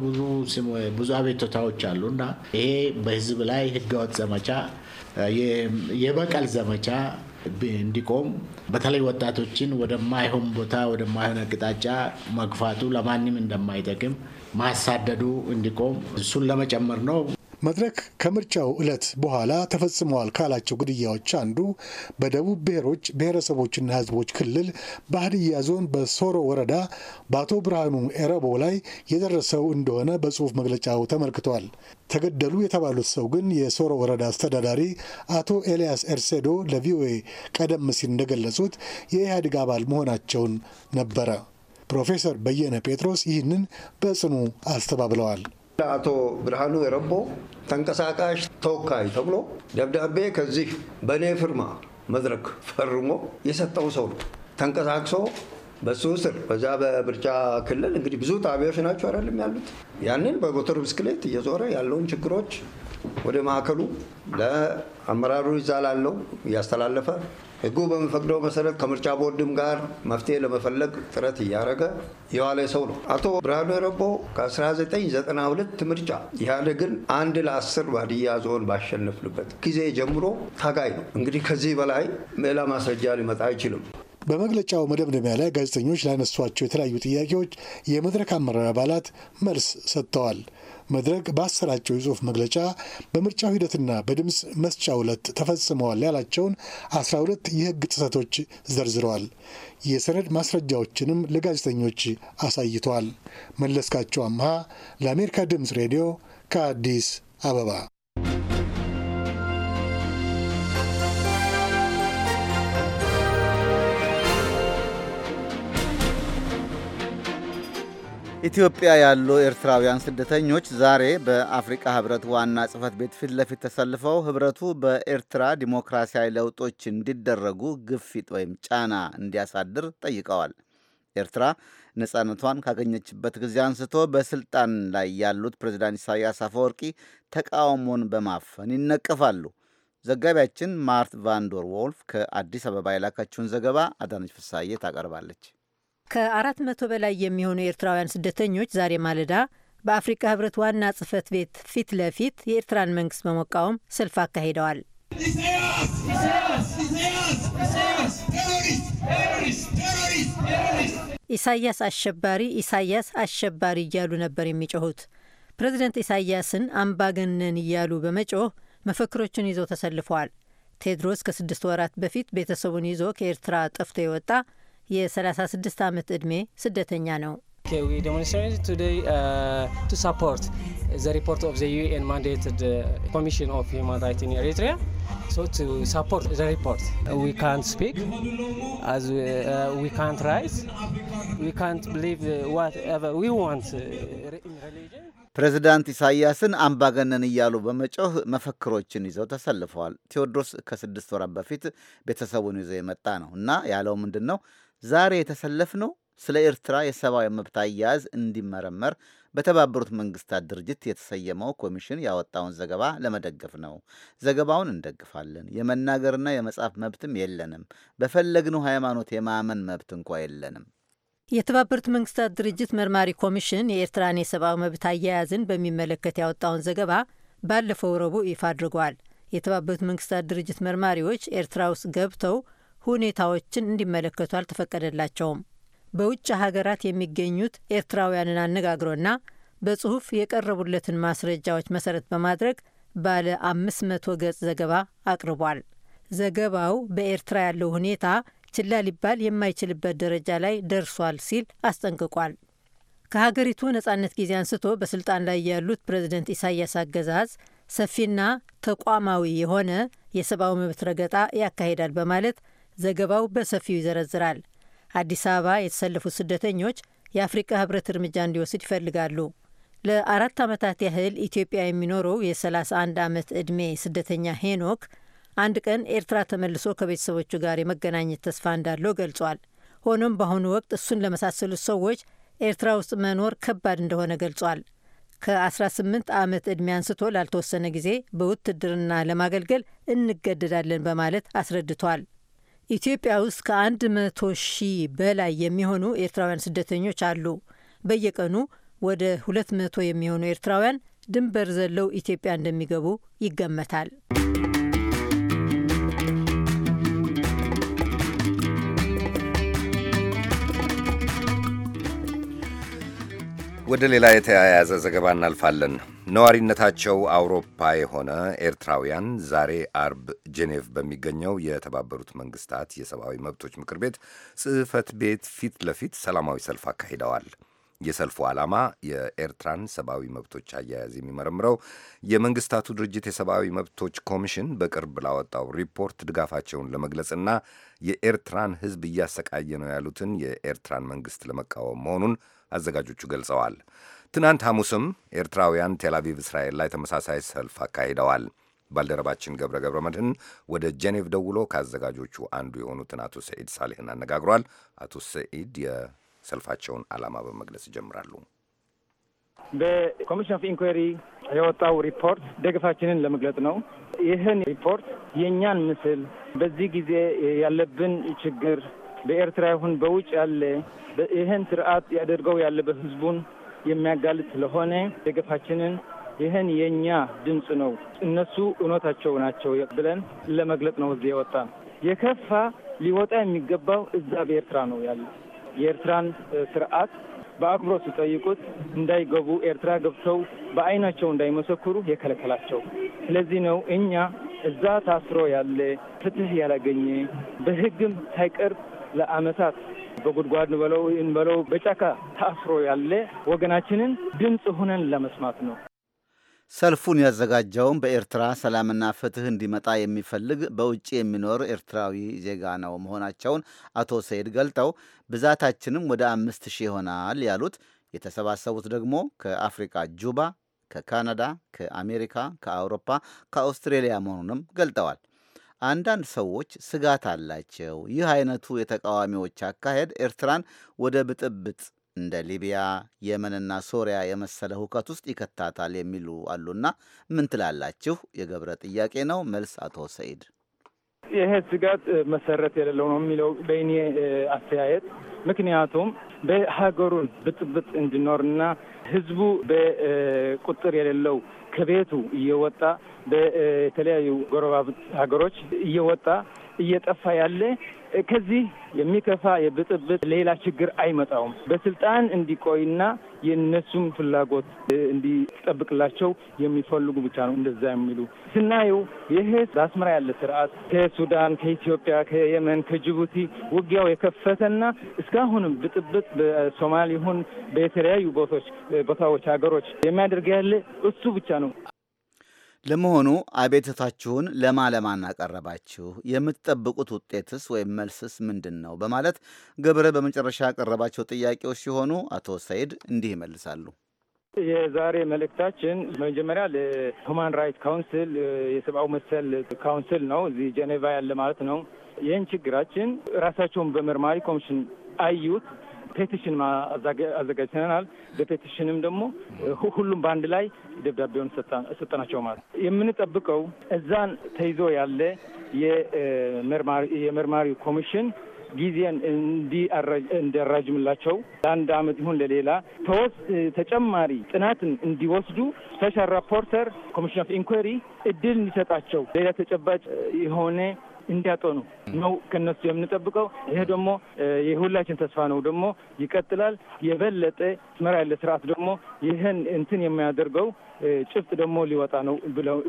ብዙ አቤቶታዎች አሉ እና ይሄ በህዝብ ላይ ህገወጥ ዘመቻ የበቀል ዘመቻ እንዲቆም በተለይ ወጣቶችን ወደማይሆን ቦታ ወደማይሆን አቅጣጫ መግፋቱ ለማንም እንደማይጠቅም ማሳደዱ እንዲቆም እሱን ለመጨመር ነው። መድረክ ከምርጫው ዕለት በኋላ ተፈጽመዋል ካላቸው ግድያዎች አንዱ በደቡብ ብሔሮች ብሔረሰቦችና ሕዝቦች ክልል በሀድያ ዞን በሶሮ ወረዳ በአቶ ብርሃኑ ኤረቦ ላይ የደረሰው እንደሆነ በጽሁፍ መግለጫው ተመልክቷል። ተገደሉ የተባሉት ሰው ግን የሶሮ ወረዳ አስተዳዳሪ አቶ ኤልያስ ኤርሴዶ ለቪኦኤ ቀደም ሲል እንደገለጹት የኢህአዴግ አባል መሆናቸውን ነበረ። ፕሮፌሰር በየነ ጴጥሮስ ይህንን በጽኑ አስተባብለዋል። አቶ ብርሃኑ የረቦ ተንቀሳቃሽ ተወካይ ተብሎ ደብዳቤ ከዚህ በእኔ ፍርማ መድረክ ፈርሞ የሰጠው ሰው ነው። ተንቀሳቅሶ በሱ ስር በዛ በምርጫ ክልል እንግዲህ ብዙ ጣቢያዎች ናቸው አይደለም ያሉት። ያንን በሞተር ብስክሌት እየዞረ ያለውን ችግሮች ወደ ማዕከሉ ለአመራሩ ይዛላለው እያስተላለፈ ህጉ በሚፈቅደው መሰረት ከምርጫ ቦርድም ጋር መፍትሄ ለመፈለግ ጥረት እያደረገ የዋለ ሰው ነው። አቶ ብርሃኑ ረቦ ከ1992 ምርጫ ኢህአዴግን አንድ ለአስር ባድያ ዞን ባሸነፍንበት ጊዜ ጀምሮ ታጋይ ነው። እንግዲህ ከዚህ በላይ ሌላ ማስረጃ ሊመጣ አይችልም። በመግለጫው መደምደሚያ ላይ ጋዜጠኞች ላነሷቸው የተለያዩ ጥያቄዎች የመድረክ አመራር አባላት መልስ ሰጥተዋል። መድረክ ባሰራቸው የጽሁፍ መግለጫ በምርጫው ሂደትና በድምፅ መስጫ ዕለት ተፈጽመዋል ያላቸውን 12 የህግ ጥሰቶች ዘርዝረዋል። የሰነድ ማስረጃዎችንም ለጋዜጠኞች አሳይተዋል። መለስካቸው አምሃ ለአሜሪካ ድምፅ ሬዲዮ ከአዲስ አበባ ኢትዮጵያ ያሉ ኤርትራውያን ስደተኞች ዛሬ በአፍሪካ ህብረት ዋና ጽህፈት ቤት ፊት ለፊት ተሰልፈው ህብረቱ በኤርትራ ዲሞክራሲያዊ ለውጦች እንዲደረጉ ግፊት ወይም ጫና እንዲያሳድር ጠይቀዋል። ኤርትራ ነፃነቷን ካገኘችበት ጊዜ አንስቶ በስልጣን ላይ ያሉት ፕሬዚዳንት ኢሳያስ አፈወርቂ ተቃውሞን በማፈን ይነቀፋሉ። ዘጋቢያችን ማርት ቫንዶር ዎልፍ ከአዲስ አበባ የላካችውን ዘገባ አዳነች ፍሳዬ ታቀርባለች። ከአራት መቶ በላይ የሚሆኑ ኤርትራውያን ስደተኞች ዛሬ ማለዳ በአፍሪካ ህብረት ዋና ጽህፈት ቤት ፊት ለፊት የኤርትራን መንግስት በመቃወም ሰልፍ አካሂደዋል። ኢሳያስ አሸባሪ፣ ኢሳያስ አሸባሪ እያሉ ነበር የሚጮሁት። ፕሬዚደንት ኢሳያስን አምባገነን እያሉ በመጮህ መፈክሮችን ይዘው ተሰልፈዋል። ቴድሮስ ከስድስት ወራት በፊት ቤተሰቡን ይዞ ከኤርትራ ጠፍቶ የወጣ የ36 ዓመት ዕድሜ ስደተኛ ነው። uh, uh, uh, ፕሬዚዳንት ኢሳያስን አምባገነን እያሉ በመጮህ መፈክሮችን ይዘው ተሰልፈዋል። ቴዎድሮስ ከስድስት ወራት በፊት ቤተሰቡን ይዞ የመጣ ነው እና ያለው ምንድን ነው? ዛሬ የተሰለፍነው ስለ ኤርትራ የሰብአዊ መብት አያያዝ እንዲመረመር በተባበሩት መንግስታት ድርጅት የተሰየመው ኮሚሽን ያወጣውን ዘገባ ለመደገፍ ነው። ዘገባውን እንደግፋለን። የመናገርና የመጻፍ መብትም የለንም። በፈለግነው ሃይማኖት የማመን መብት እንኳ የለንም። የተባበሩት መንግስታት ድርጅት መርማሪ ኮሚሽን የኤርትራን የሰብአዊ መብት አያያዝን በሚመለከት ያወጣውን ዘገባ ባለፈው ረቡዕ ይፋ አድርጓል። የተባበሩት መንግስታት ድርጅት መርማሪዎች ኤርትራ ውስጥ ገብተው ሁኔታዎችን እንዲመለከቱ አልተፈቀደላቸውም። በውጭ ሀገራት የሚገኙት ኤርትራውያንን አነጋግሮና በጽሑፍ የቀረቡለትን ማስረጃዎች መሰረት በማድረግ ባለ አምስት መቶ ገጽ ዘገባ አቅርቧል። ዘገባው በኤርትራ ያለው ሁኔታ ችላ ሊባል የማይችልበት ደረጃ ላይ ደርሷል ሲል አስጠንቅቋል። ከሀገሪቱ ነጻነት ጊዜ አንስቶ በስልጣን ላይ ያሉት ፕሬዚደንት ኢሳያስ አገዛዝ ሰፊና ተቋማዊ የሆነ የሰብአዊ መብት ረገጣ ያካሂዳል በማለት ዘገባው በሰፊው ይዘረዝራል። አዲስ አበባ የተሰለፉት ስደተኞች የአፍሪካ ህብረት እርምጃ እንዲወስድ ይፈልጋሉ። ለአራት ዓመታት ያህል ኢትዮጵያ የሚኖረው የ31 ዓመት ዕድሜ ስደተኛ ሄኖክ አንድ ቀን ኤርትራ ተመልሶ ከቤተሰቦቹ ጋር የመገናኘት ተስፋ እንዳለው ገልጿል። ሆኖም በአሁኑ ወቅት እሱን ለመሳሰሉት ሰዎች ኤርትራ ውስጥ መኖር ከባድ እንደሆነ ገልጿል። ከ18 ዓመት ዕድሜ አንስቶ ላልተወሰነ ጊዜ በውትድርና ለማገልገል እንገደዳለን በማለት አስረድቷል። ኢትዮጵያ ውስጥ ከአንድ መቶ ሺህ በላይ የሚሆኑ ኤርትራውያን ስደተኞች አሉ። በየቀኑ ወደ ሁለት መቶ የሚሆኑ ኤርትራውያን ድንበር ዘለው ኢትዮጵያ እንደሚገቡ ይገመታል። ወደ ሌላ የተያያዘ ዘገባ እናልፋለን። ነዋሪነታቸው አውሮፓ የሆነ ኤርትራውያን ዛሬ አርብ ጄኔቭ በሚገኘው የተባበሩት መንግስታት የሰብአዊ መብቶች ምክር ቤት ጽህፈት ቤት ፊት ለፊት ሰላማዊ ሰልፍ አካሂደዋል። የሰልፉ ዓላማ የኤርትራን ሰብአዊ መብቶች አያያዝ የሚመረምረው የመንግስታቱ ድርጅት የሰብአዊ መብቶች ኮሚሽን በቅርብ ላወጣው ሪፖርት ድጋፋቸውን ለመግለጽና የኤርትራን ሕዝብ እያሰቃየ ነው ያሉትን የኤርትራን መንግስት ለመቃወም መሆኑን አዘጋጆቹ ገልጸዋል። ትናንት ሐሙስም ኤርትራውያን ቴላቪቭ እስራኤል ላይ ተመሳሳይ ሰልፍ አካሂደዋል። ባልደረባችን ገብረ ገብረ መድህን ወደ ጄኔቭ ደውሎ ከአዘጋጆቹ አንዱ የሆኑትን አቶ ሰኢድ ሳሌህን አነጋግሯል። አቶ ሰኢድ የሰልፋቸውን ዓላማ በመግለጽ ይጀምራሉ። በኮሚሽን ኦፍ ኢንኩዌሪ የወጣው ሪፖርት ደግፋችንን ለመግለጽ ነው። ይህን ሪፖርት የእኛን ምስል በዚህ ጊዜ ያለብን ችግር በኤርትራ ይሁን በውጭ ያለ ይህን ስርዓት ያደርገው ያለ በህዝቡን የሚያጋልጥ ስለሆነ ደገፋችንን ይህን የእኛ ድምፅ ነው፣ እነሱ እውነታቸው ናቸው ብለን ለመግለጥ ነው እዚህ የወጣ የከፋ ሊወጣ የሚገባው እዛ በኤርትራ ነው ያለ የኤርትራን ስርዓት በአክብሮ ሲጠይቁት እንዳይገቡ ኤርትራ ገብተው በአይናቸው እንዳይመሰክሩ የከለከላቸው። ስለዚህ ነው እኛ እዛ ታስሮ ያለ ፍትህ ያላገኘ በህግም ሳይቀርብ ለአመታት በጉድጓድ በለው እንበለው በጫካ ታስሮ ያለ ወገናችንን ድምፅ ሆነን ለመስማት ነው። ሰልፉን ያዘጋጀውም በኤርትራ ሰላምና ፍትህ እንዲመጣ የሚፈልግ በውጭ የሚኖር ኤርትራዊ ዜጋ ነው መሆናቸውን አቶ ሰይድ ገልጠው ብዛታችንም ወደ አምስት ሺህ ይሆናል ያሉት የተሰባሰቡት ደግሞ ከአፍሪካ ጁባ፣ ከካናዳ፣ ከአሜሪካ፣ ከአውሮፓ፣ ከአውስትሬሊያ መሆኑንም ገልጠዋል። አንዳንድ ሰዎች ስጋት አላቸው። ይህ አይነቱ የተቃዋሚዎች አካሄድ ኤርትራን ወደ ብጥብጥ እንደ ሊቢያ፣ የመንና ሶሪያ የመሰለ ሁከት ውስጥ ይከታታል የሚሉ አሉና ምን ትላላችሁ? የገብረ ጥያቄ ነው። መልስ አቶ ሰኢድ። ይሄ ስጋት መሰረት የሌለው ነው የሚለው በእኔ አስተያየት ምክንያቱም በሀገሩን ብጥብጥ እንዲኖርና ህዝቡ በቁጥር የሌለው ከቤቱ እየወጣ በተለያዩ ጎረባብ ሀገሮች እየወጣ እየጠፋ ያለ ከዚህ የሚከፋ የብጥብጥ ሌላ ችግር አይመጣውም። በስልጣን እንዲቆይና የእነሱም ፍላጎት እንዲጠብቅላቸው የሚፈልጉ ብቻ ነው እንደዛ የሚሉ ስናየው ይህ በአስመራ ያለ ስርዓት ከሱዳን፣ ከኢትዮጵያ፣ ከየመን፣ ከጅቡቲ ውጊያው የከፈተና እስካሁንም ብጥብጥ በሶማሌ ይሁን በተለያዩ ቦታዎች ሀገሮች የሚያደርግ ያለ እሱ ብቻ ነው። ለመሆኑ አቤትታችሁን ለማለማን አቀረባችሁ? የምትጠብቁት ውጤትስ ወይም መልስስ ምንድን ነው? በማለት ገብረ በመጨረሻ ያቀረባቸው ጥያቄዎች ሲሆኑ አቶ ሰይድ እንዲህ ይመልሳሉ። የዛሬ መልእክታችን መጀመሪያ ለሁማን ራይት ካውንስል የሰብአዊ መሰል ካውንስል ነው፣ እዚህ ጀኔቫ ያለ ማለት ነው። ይህን ችግራችን ራሳቸውን በመርማሪ ኮሚሽን አዩት። ፔቲሽን አዘጋጅተናል። በፔቲሽንም ደግሞ ሁሉም በአንድ ላይ ደብዳቤውን ሰጠናቸው ማለት የምንጠብቀው እዛን ተይዞ ያለ የመርማሪ ኮሚሽን ጊዜን እንዲያራጅምላቸው ለአንድ አመት ይሁን ለሌላ ተጨማሪ ጥናትን እንዲወስዱ ስፔሻል ራፖርተር ኮሚሽን ኦፍ ኢንኩሪ እድል እንዲሰጣቸው ሌላ ተጨባጭ የሆነ እንዲያጠኑ ነው ከነሱ የምንጠብቀው። ይሄ ደግሞ የሁላችን ተስፋ ነው፣ ደግሞ ይቀጥላል። የበለጠ ስመራ ያለ ስርዓት ደግሞ ይህን እንትን የሚያደርገው ጭብጥ ደግሞ ሊወጣ ነው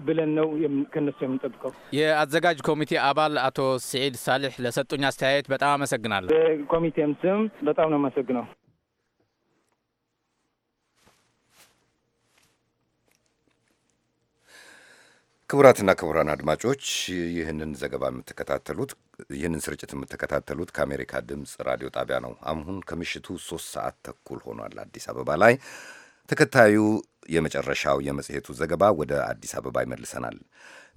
ብለን ነው ከነሱ የምንጠብቀው። የአዘጋጅ ኮሚቴ አባል አቶ ስዒድ ሳልሕ ለሰጡኝ አስተያየት በጣም አመሰግናለሁ። በኮሚቴም ስም በጣም ነው አመሰግነው። ክቡራትና ክቡራን አድማጮች ይህንን ዘገባ የምትከታተሉት ይህንን ስርጭት የምትከታተሉት ከአሜሪካ ድምፅ ራዲዮ ጣቢያ ነው። አሁን ከምሽቱ ሶስት ሰዓት ተኩል ሆኗል አዲስ አበባ ላይ። ተከታዩ የመጨረሻው የመጽሔቱ ዘገባ ወደ አዲስ አበባ ይመልሰናል።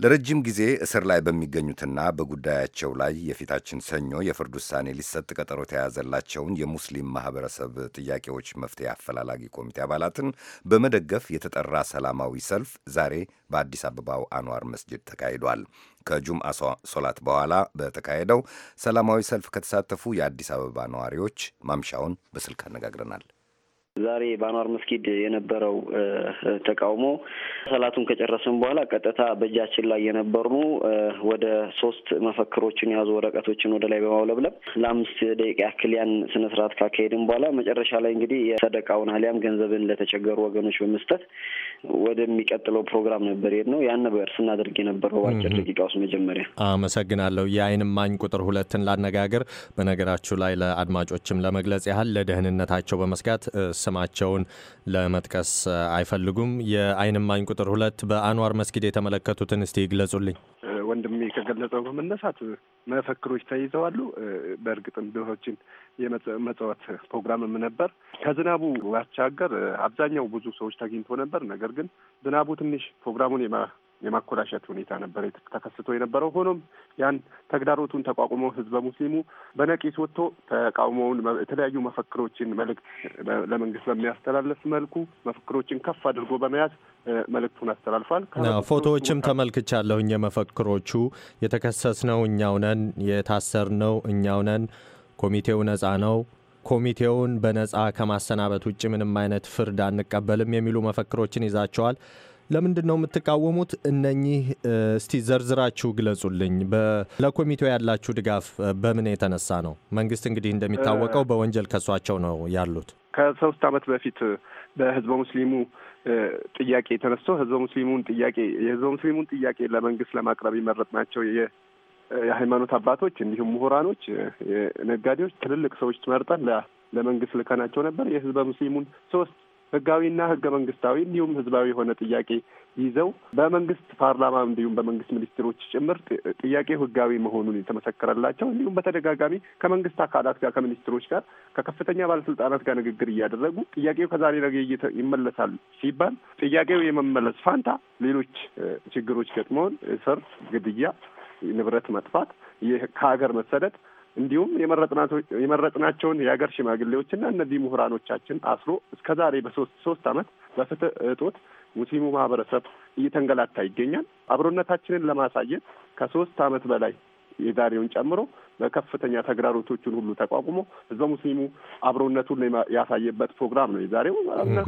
ለረጅም ጊዜ እስር ላይ በሚገኙትና በጉዳያቸው ላይ የፊታችን ሰኞ የፍርድ ውሳኔ ሊሰጥ ቀጠሮ ተያዘላቸውን የሙስሊም ማህበረሰብ ጥያቄዎች መፍትሄ አፈላላጊ ኮሚቴ አባላትን በመደገፍ የተጠራ ሰላማዊ ሰልፍ ዛሬ በአዲስ አበባው አንዋር መስጅድ ተካሂዷል። ከጁምአ ሶላት በኋላ በተካሄደው ሰላማዊ ሰልፍ ከተሳተፉ የአዲስ አበባ ነዋሪዎች ማምሻውን በስልክ አነጋግረናል። ዛሬ በአኗር መስጊድ የነበረው ተቃውሞ ሰላቱን ከጨረስን በኋላ ቀጥታ በእጃችን ላይ የነበሩ ወደ ሶስት መፈክሮችን የያዙ ወረቀቶችን ወደ ላይ በማውለብለብ ለአምስት ደቂቃ ያክል ያን ስነ ስርዓት ካካሄድን በኋላ መጨረሻ ላይ እንግዲህ የሰደቃውን አሊያም ገንዘብን ለተቸገሩ ወገኖች በመስጠት ወደሚቀጥለው ፕሮግራም ነበር ሄድ ነው። ያን ነበር ስናደርግ የነበረው በአጭር ደቂቃ ውስጥ። መጀመሪያ አመሰግናለሁ። የዓይን ማኝ ቁጥር ሁለትን ላነጋገር በነገራችሁ ላይ ለአድማጮችም ለመግለጽ ያህል ለደህንነታቸው በመስጋት ስማቸውን ለመጥቀስ አይፈልጉም። የዓይን ማኝ ቁጥር ሁለት በአንዋር መስጊድ የተመለከቱትን እስቲ ይግለጹልኝ። ወንድሜ ከገለጸው በመነሳት መፈክሮች ተይዘዋሉ። በእርግጥም ድሆችን የመጽወት ፕሮግራምም ነበር። ከዝናቡ ባሻገር አብዛኛው ብዙ ሰዎች ተገኝቶ ነበር። ነገር ግን ዝናቡ ትንሽ ፕሮግራሙን የማኮላሸት ሁኔታ ነበር ተከስቶ የነበረው። ሆኖም ያን ተግዳሮቱን ተቋቁሞ ህዝበ ሙስሊሙ በነቂስ ወጥቶ ተቃውሞውን የተለያዩ መፈክሮችን መልእክት ለመንግስት በሚያስተላለፍ መልኩ መፈክሮችን ከፍ አድርጎ በመያዝ መልእክቱን አስተላልፏል። ፎቶዎችም ተመልክቻለሁኝ። የመፈክሮቹ የተከሰስነው እኛው ነን፣ የታሰርነው እኛው ነን፣ ኮሚቴው ነጻ ነው ኮሚቴውን በነጻ ከማሰናበት ውጭ ምንም አይነት ፍርድ አንቀበልም የሚሉ መፈክሮችን ይዛቸዋል። ለምንድን ነው የምትቃወሙት? እነኚህ እስቲ ዘርዝራችሁ ግለጹልኝ። ለኮሚቴው ያላችሁ ድጋፍ በምን የተነሳ ነው? መንግስት እንግዲህ እንደሚታወቀው በወንጀል ከሷቸው ነው ያሉት። ከሶስት ዓመት በፊት በህዝበ ሙስሊሙ ጥያቄ ተነስቶ ህዝበ ሙስሊሙን ጥያቄ የህዝበ ሙስሊሙን ጥያቄ ለመንግስት ለማቅረብ ናቸው የሃይማኖት አባቶች እንዲሁም ምሁራኖች፣ ነጋዴዎች፣ ትልልቅ ሰዎች መርጠን ለመንግስት ልከናቸው ነበር። የህዝበ ሙስሊሙን ሶስት ህጋዊና ህገ መንግስታዊ እንዲሁም ህዝባዊ የሆነ ጥያቄ ይዘው በመንግስት ፓርላማ እንዲሁም በመንግስት ሚኒስትሮች ጭምር ጥያቄው ህጋዊ መሆኑን የተመሰከረላቸው እንዲሁም በተደጋጋሚ ከመንግስት አካላት ጋር ከሚኒስትሮች ጋር ከከፍተኛ ባለስልጣናት ጋር ንግግር እያደረጉ ጥያቄው ከዛሬ ነገ ይመለሳል ሲባል ጥያቄው የመመለስ ፋንታ ሌሎች ችግሮች ገጥመውን እስር፣ ግድያ፣ ንብረት መጥፋት፣ ከሀገር መሰደድ እንዲሁም የመረጥናቸውን የሀገር ሽማግሌዎችና እነዚህ ምሁራኖቻችን አስሮ እስከ ዛሬ በሶስት ሶስት አመት በፍትህ እጦት ሙስሊሙ ማህበረሰብ እየተንገላታ ይገኛል። አብሮነታችንን ለማሳየት ከሶስት አመት በላይ የዛሬውን ጨምሮ በከፍተኛ ተግዳሮቶቹን ሁሉ ተቋቁሞ ህዝበ ሙስሊሙ አብሮነቱን ያሳየበት ፕሮግራም ነው የዛሬው።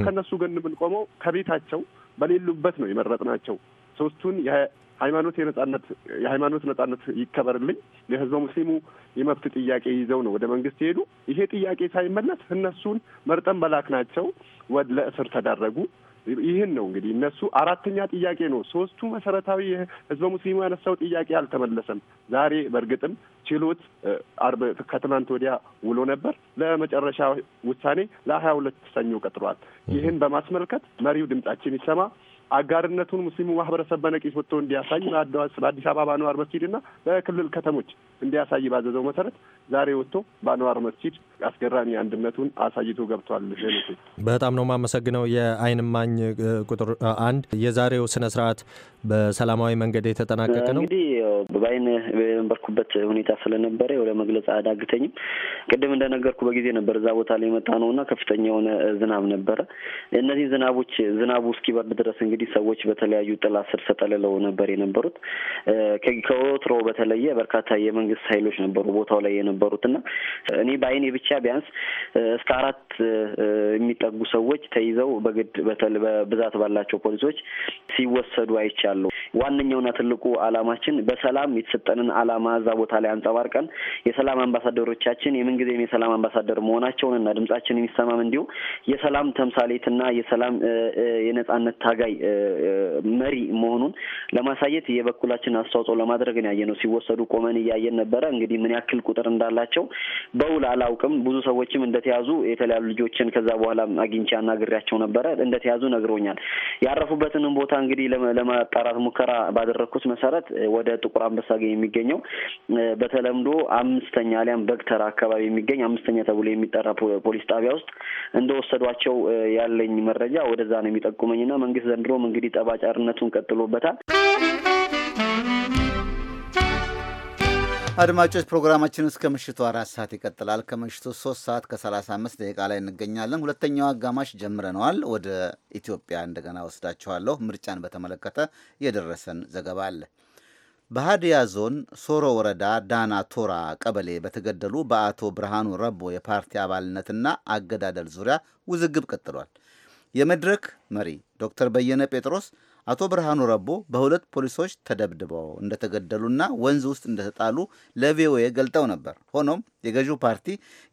ከእነሱ ግን የምንቆመው ከቤታቸው በሌሉበት ነው የመረጥናቸው ሶስቱን ሃይማኖት የነጻነት የሃይማኖት ነጻነት ይከበርልኝ የህዝበ ሙስሊሙ የመብት ጥያቄ ይዘው ነው ወደ መንግስት ሄዱ ይሄ ጥያቄ ሳይመለስ እነሱን መርጠን በላክ ናቸው ወደ ለእስር ተዳረጉ። ይህን ነው እንግዲህ እነሱ አራተኛ ጥያቄ ነው። ሶስቱ መሰረታዊ ህዝበ ሙስሊሙ ያነሳው ጥያቄ አልተመለሰም። ዛሬ በእርግጥም ችሎት አርብ ከትናንት ወዲያ ውሎ ነበር። ለመጨረሻ ውሳኔ ለሀያ ሁለት ሰኞ ቀጥሯል። ይህን በማስመልከት መሪው ድምጻችን ይሰማ አጋርነቱን ሙስሊሙ ማህበረሰብ በነቂስ ወጥቶ እንዲያሳይ በአዲስ አበባ በአንዋር መስጂድ እና በክልል ከተሞች እንዲያሳይ ባዘዘው መሰረት ዛሬ ወጥቶ በአንዋር መስጂድ አስገራሚ አንድነቱን አሳይቶ ገብቷል። በጣም ነው የማመሰግነው። የአይን ቁጥር አንድ የዛሬው ስነ ስርዓት በሰላማዊ መንገድ የተጠናቀቀ ነው። እንግዲህ በአይን የነበርኩበት ሁኔታ ስለነበረ ወደ መግለጽ አዳግተኝም። ቅድም እንደነገርኩ በጊዜ ነበር እዛ ቦታ ላይ የመጣ ነው እና ከፍተኛ የሆነ ዝናብ ነበረ። እነዚህ ዝናቦች ዝናቡ እስኪበርድ ድረስ እንግዲህ ሰዎች በተለያዩ ጥላ ስር ተጠልለው ነበር የነበሩት። ከወትሮ በተለየ በርካታ የመንግስት ኃይሎች ነበሩ ቦታው ላይ የነበሩት እና እኔ በአይኔ ብቻ ብቻ ቢያንስ እስከ አራት የሚጠጉ ሰዎች ተይዘው በግድ በብዛት ባላቸው ፖሊሶች ሲወሰዱ አይቻለሁ። ዋነኛውና ትልቁ አላማችን በሰላም የተሰጠንን አላማ እዛ ቦታ ላይ አንጸባርቀን የሰላም አምባሳደሮቻችን የምንጊዜም የሰላም አምባሳደር መሆናቸውንና ድምጻችን የሚሰማም እንዲሁ የሰላም ተምሳሌትና የሰላም የነጻነት ታጋይ መሪ መሆኑን ለማሳየት የበኩላችን አስተዋጽኦ ለማድረግ ነው ያየ ነው። ሲወሰዱ ቆመን እያየን ነበረ። እንግዲህ ምን ያክል ቁጥር እንዳላቸው በውል አላውቅም። ብዙ ሰዎችም እንደተያዙ የተለያዩ ልጆችን ከዛ በኋላ አግኝቼ አናግሬያቸው ነበረ። እንደተያዙ ነግሮኛል። ያረፉበትንም ቦታ እንግዲህ ለማጣራት ሙከራ ባደረግኩት መሰረት ወደ ጥቁር አንበሳ የሚገኘው በተለምዶ አምስተኛ አሊያም በግተራ አካባቢ የሚገኝ አምስተኛ ተብሎ የሚጠራ ፖሊስ ጣቢያ ውስጥ እንደወሰዷቸው ያለኝ መረጃ ወደዛ ነው የሚጠቁመኝና መንግስት ዘንድሮም እንግዲህ ጠባጫርነቱን ቀጥሎበታል። አድማጮች ፕሮግራማችን እስከ ምሽቱ አራት ሰዓት ይቀጥላል። ከምሽቱ ሶስት ሰዓት ከ35 ደቂቃ ላይ እንገኛለን። ሁለተኛው አጋማሽ ጀምረነዋል። ወደ ኢትዮጵያ እንደገና ወስዳችኋለሁ። ምርጫን በተመለከተ የደረሰን ዘገባ አለ። በሃዲያ ዞን ሶሮ ወረዳ ዳና ቶራ ቀበሌ በተገደሉ በአቶ ብርሃኑ ረቦ የፓርቲ አባልነትና አገዳደል ዙሪያ ውዝግብ ቀጥሏል። የመድረክ መሪ ዶክተር በየነ ጴጥሮስ አቶ ብርሃኑ ረቦ በሁለት ፖሊሶች ተደብድበው እንደተገደሉና ወንዝ ውስጥ እንደተጣሉ ለቪኦኤ ገልጠው ነበር። ሆኖም የገዢው ፓርቲ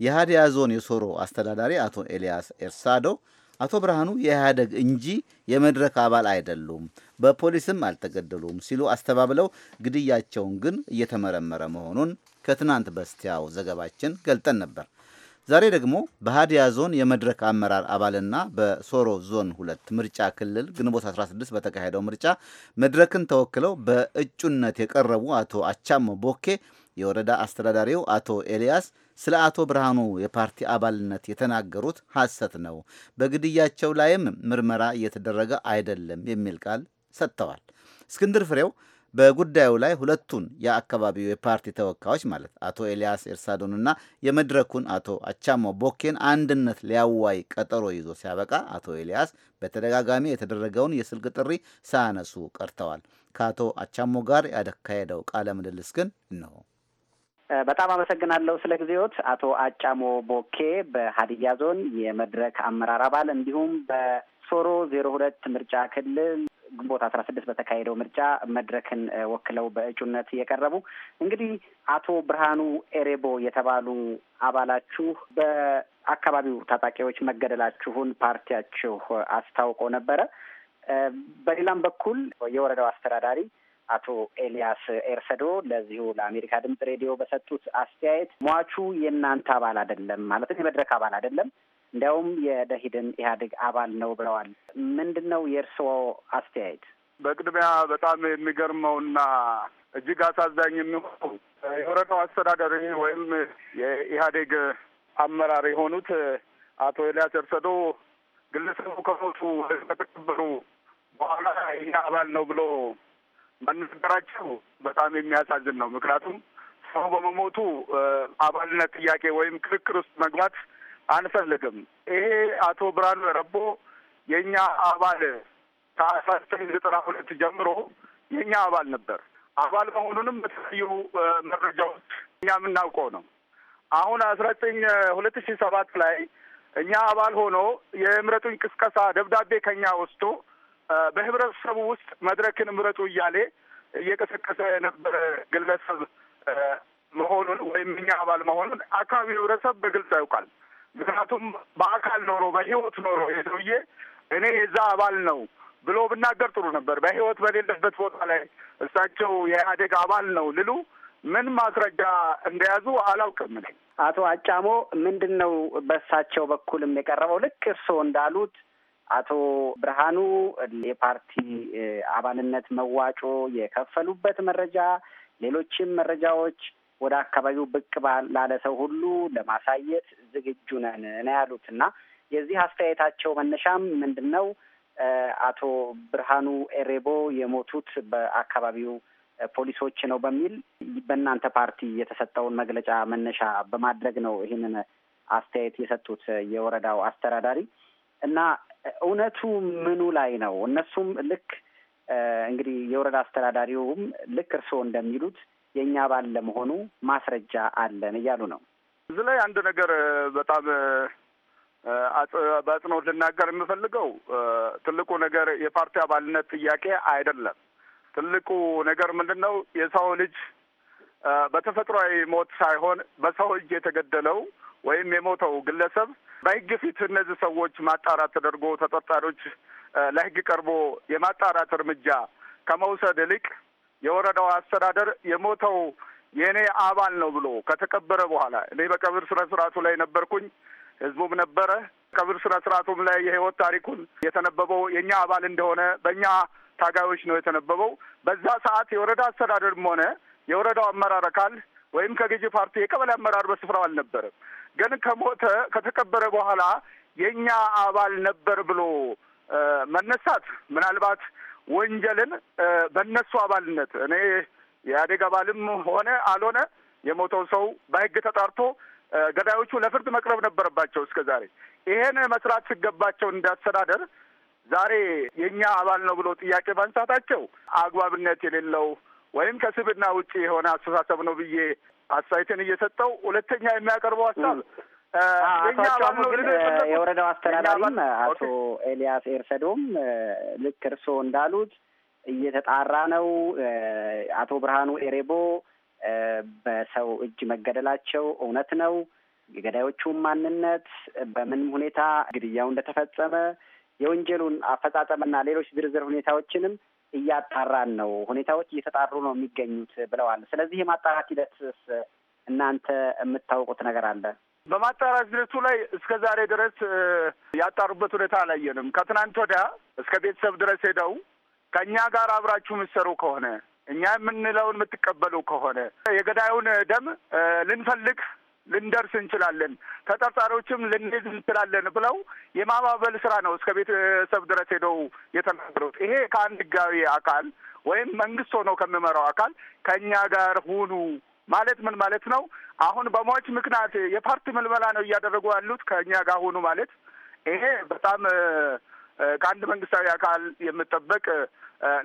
የሃዲያ ዞን የሶሮ አስተዳዳሪ አቶ ኤልያስ ኤርሳዶ አቶ ብርሃኑ የኢህአደግ እንጂ የመድረክ አባል አይደሉም፣ በፖሊስም አልተገደሉም ሲሉ አስተባብለው ግድያቸውን ግን እየተመረመረ መሆኑን ከትናንት በስቲያው ዘገባችን ገልጠን ነበር። ዛሬ ደግሞ በሃዲያ ዞን የመድረክ አመራር አባልና በሶሮ ዞን ሁለት ምርጫ ክልል ግንቦት 16 በተካሄደው ምርጫ መድረክን ተወክለው በእጩነት የቀረቡ አቶ አቻሞ ቦኬ፣ የወረዳ አስተዳዳሪው አቶ ኤልያስ ስለ አቶ ብርሃኑ የፓርቲ አባልነት የተናገሩት ሐሰት ነው፣ በግድያቸው ላይም ምርመራ እየተደረገ አይደለም የሚል ቃል ሰጥተዋል። እስክንድር ፍሬው በጉዳዩ ላይ ሁለቱን የአካባቢው የፓርቲ ተወካዮች ማለት አቶ ኤልያስ ኤርሳዶንና የመድረኩን አቶ አቻሞ ቦኬን አንድነት ሊያዋይ ቀጠሮ ይዞ ሲያበቃ አቶ ኤልያስ በተደጋጋሚ የተደረገውን የስልክ ጥሪ ሳያነሱ ቀርተዋል። ከአቶ አቻሞ ጋር ያካሄደው ቃለ ምልልስ ግን ነው። በጣም አመሰግናለሁ ስለ ጊዜዎት አቶ አጫሞ ቦኬ በሀዲያ ዞን የመድረክ አመራር አባል እንዲሁም በሶሮ ዜሮ ሁለት ምርጫ ክልል ግንቦት አስራ ስድስት በተካሄደው ምርጫ መድረክን ወክለው በእጩነት የቀረቡ እንግዲህ አቶ ብርሃኑ ኤሬቦ የተባሉ አባላችሁ በአካባቢው ታጣቂዎች መገደላችሁን ፓርቲያችሁ አስታውቆ ነበረ። በሌላም በኩል የወረዳው አስተዳዳሪ አቶ ኤልያስ ኤርሰዶ ለዚሁ ለአሜሪካ ድምጽ ሬዲዮ በሰጡት አስተያየት ሟቹ የእናንተ አባል አይደለም፣ ማለትም የመድረክ አባል አይደለም እንዲያውም የደሂድን ኢህአዴግ አባል ነው ብለዋል። ምንድን ነው የእርስዎ አስተያየት? በቅድሚያ በጣም የሚገርመውና እጅግ አሳዛኝ የሚሆነው የወረዳው አስተዳደር ወይም የኢህአዴግ አመራር የሆኑት አቶ ኤልያስ እርሰዶ ግለሰቡ ከሞቱ ከተቀበሩ በኋላ ይህ አባል ነው ብሎ መነገራቸው በጣም የሚያሳዝን ነው። ምክንያቱም ሰው በመሞቱ አባልነት ጥያቄ ወይም ክርክር ውስጥ መግባት አንፈልግም። ይሄ አቶ ብርሃኑ ረቦ የእኛ አባል ከአስራ ዘጠኝ ዘጠና ሁለት ጀምሮ የእኛ አባል ነበር። አባል መሆኑንም በተለያዩ መረጃዎች እኛ የምናውቀው ነው። አሁን አስራ ዘጠኝ ሁለት ሺ ሰባት ላይ እኛ አባል ሆኖ የምረጡኝ ቅስቀሳ ደብዳቤ ከኛ ወስዶ በህብረተሰቡ ውስጥ መድረክን ምረጡ እያሌ እየቀሰቀሰ የነበረ ግለሰብ መሆኑን ወይም እኛ አባል መሆኑን አካባቢው ህብረተሰብ በግልጽ ያውቃል። ምክንያቱም በአካል ኖሮ በህይወት ኖሮ የሰውዬ እኔ የዛ አባል ነው ብሎ ብናገር ጥሩ ነበር። በህይወት በሌለበት ቦታ ላይ እሳቸው የኢህአዴግ አባል ነው ልሉ ምን ማስረጃ እንደያዙ አላውቅም። አቶ አጫሞ ምንድን ነው በእሳቸው በኩልም የቀረበው ልክ እርስዎ እንዳሉት አቶ ብርሃኑ የፓርቲ አባልነት መዋጮ የከፈሉበት መረጃ፣ ሌሎችም መረጃዎች ወደ አካባቢው ብቅ ላለ ሰው ሁሉ ለማሳየት ዝግጁ ነን ነው ያሉት እና የዚህ አስተያየታቸው መነሻም ምንድን ነው? አቶ ብርሃኑ ኤሬቦ የሞቱት በአካባቢው ፖሊሶች ነው በሚል በእናንተ ፓርቲ የተሰጠውን መግለጫ መነሻ በማድረግ ነው ይህንን አስተያየት የሰጡት የወረዳው አስተዳዳሪ እና እውነቱ ምኑ ላይ ነው? እነሱም ልክ እንግዲህ የወረዳ አስተዳዳሪውም ልክ እርስዎ እንደሚሉት የእኛ አባል ለመሆኑ ማስረጃ አለን እያሉ ነው። እዚህ ላይ አንድ ነገር በጣም በአጽንኦት ልናገር የምፈልገው ትልቁ ነገር የፓርቲ አባልነት ጥያቄ አይደለም። ትልቁ ነገር ምንድን ነው? የሰው ልጅ በተፈጥሯዊ ሞት ሳይሆን በሰው እጅ የተገደለው ወይም የሞተው ግለሰብ በሕግ ፊት እነዚህ ሰዎች ማጣራት ተደርጎ ተጠርጣሪዎች ለሕግ ቀርቦ የማጣራት እርምጃ ከመውሰድ ይልቅ የወረዳው አስተዳደር የሞተው የእኔ አባል ነው ብሎ ከተቀበረ በኋላ እኔ በቀብር ስነ ስርዓቱ ላይ ነበርኩኝ፣ ህዝቡም ነበረ። ቀብር ስነ ስርዓቱም ላይ የህይወት ታሪኩን የተነበበው የእኛ አባል እንደሆነ በእኛ ታጋዮች ነው የተነበበው። በዛ ሰዓት የወረዳ አስተዳደርም ሆነ የወረዳው አመራር አካል ወይም ከገዢ ፓርቲ የቀበሌ አመራር በስፍራው አልነበረም። ግን ከሞተ ከተቀበረ በኋላ የእኛ አባል ነበር ብሎ መነሳት ምናልባት ወንጀልን በእነሱ አባልነት እኔ የአደግ አባልም ሆነ አልሆነ የሞተው ሰው በህግ ተጣርቶ ገዳዮቹ ለፍርድ መቅረብ ነበረባቸው እስከ ዛሬ። ይሄን መስራት ሲገባቸው እንዳስተዳደር ዛሬ የእኛ አባል ነው ብሎ ጥያቄ ማንሳታቸው አግባብነት የሌለው ወይም ከስብና ውጭ የሆነ አስተሳሰብ ነው ብዬ አስተያየትን እየሰጠው ሁለተኛ የሚያቀርበው ሀሳብ አቶ የወረዳው አስተዳዳሪም አቶ ኤልያስ ኤርሰዶም ልክ እርስዎ እንዳሉት እየተጣራ ነው። አቶ ብርሃኑ ኤሬቦ በሰው እጅ መገደላቸው እውነት ነው። የገዳዮቹ ማንነት፣ በምን ሁኔታ ግድያው እንደተፈጸመ፣ የወንጀሉን አፈጻጸምና ሌሎች ዝርዝር ሁኔታዎችንም እያጣራን ነው። ሁኔታዎች እየተጣሩ ነው የሚገኙት ብለዋል። ስለዚህ የማጣራት ሂደት እናንተ የምታውቁት ነገር አለ? በማጣራት ሂደቱ ላይ እስከ ዛሬ ድረስ ያጣሩበት ሁኔታ አላየንም። ከትናንት ወዲያ እስከ ቤተሰብ ድረስ ሄደው ከእኛ ጋር አብራችሁ የምትሰሩ ከሆነ እኛ የምንለውን የምትቀበሉ ከሆነ የገዳዩን ደም ልንፈልግ ልንደርስ እንችላለን፣ ተጠርጣሪዎችም ልንይዝ እንችላለን ብለው የማባበል ስራ ነው እስከ ቤተሰብ ድረስ ሄደው የተናገሩት። ይሄ ከአንድ ህጋዊ አካል ወይም መንግስት ሆኖ ከሚመራው አካል ከእኛ ጋር ሁኑ ማለት ምን ማለት ነው? አሁን በሟች ምክንያት የፓርቲ ምልመላ ነው እያደረጉ ያሉት ከእኛ ጋር ሆኑ ማለት ይሄ በጣም ከአንድ መንግስታዊ አካል የምጠበቅ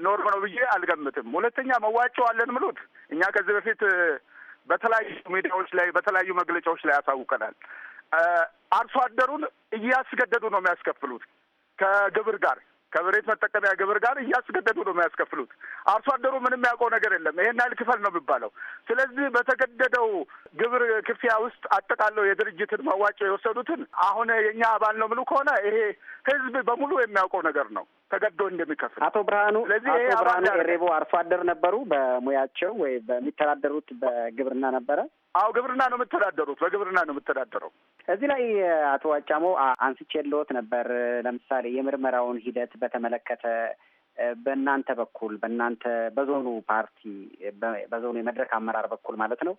ኖርም ነው ብዬ አልገምትም። ሁለተኛ መዋጮ አለን ምሉት እኛ ከዚህ በፊት በተለያዩ ሚዲያዎች ላይ በተለያዩ መግለጫዎች ላይ ያሳውቀናል። አርሶ አደሩን እያስገደዱ ነው የሚያስከፍሉት ከግብር ጋር ከመሬት መጠቀሚያ ግብር ጋር እያስገደዱ ነው የሚያስከፍሉት። አርሶ አደሩ ምንም ያውቀው ነገር የለም። ይሄን ያህል ክፈል ነው የሚባለው። ስለዚህ በተገደደው ግብር ክፍያ ውስጥ አጠቃለው የድርጅትን መዋጮ የወሰዱትን አሁን የእኛ አባል ነው ምሉ ከሆነ ይሄ ህዝብ በሙሉ የሚያውቀው ነገር ነው። ተገዶ እንደሚከፍል አቶ ብርሃኑ አቶ ብርሃኑ ኤሬቦ አርሶ አደር ነበሩ በሙያቸው ወይ በሚተዳደሩት በግብርና ነበረ? አዎ ግብርና ነው የምተዳደሩት፣ በግብርና ነው የምተዳደረው። እዚህ ላይ አቶ ዋጫሞ አንስቼልዎት ነበር። ለምሳሌ የምርመራውን ሂደት በተመለከተ በእናንተ በኩል በእናንተ በዞኑ ፓርቲ በዞኑ የመድረክ አመራር በኩል ማለት ነው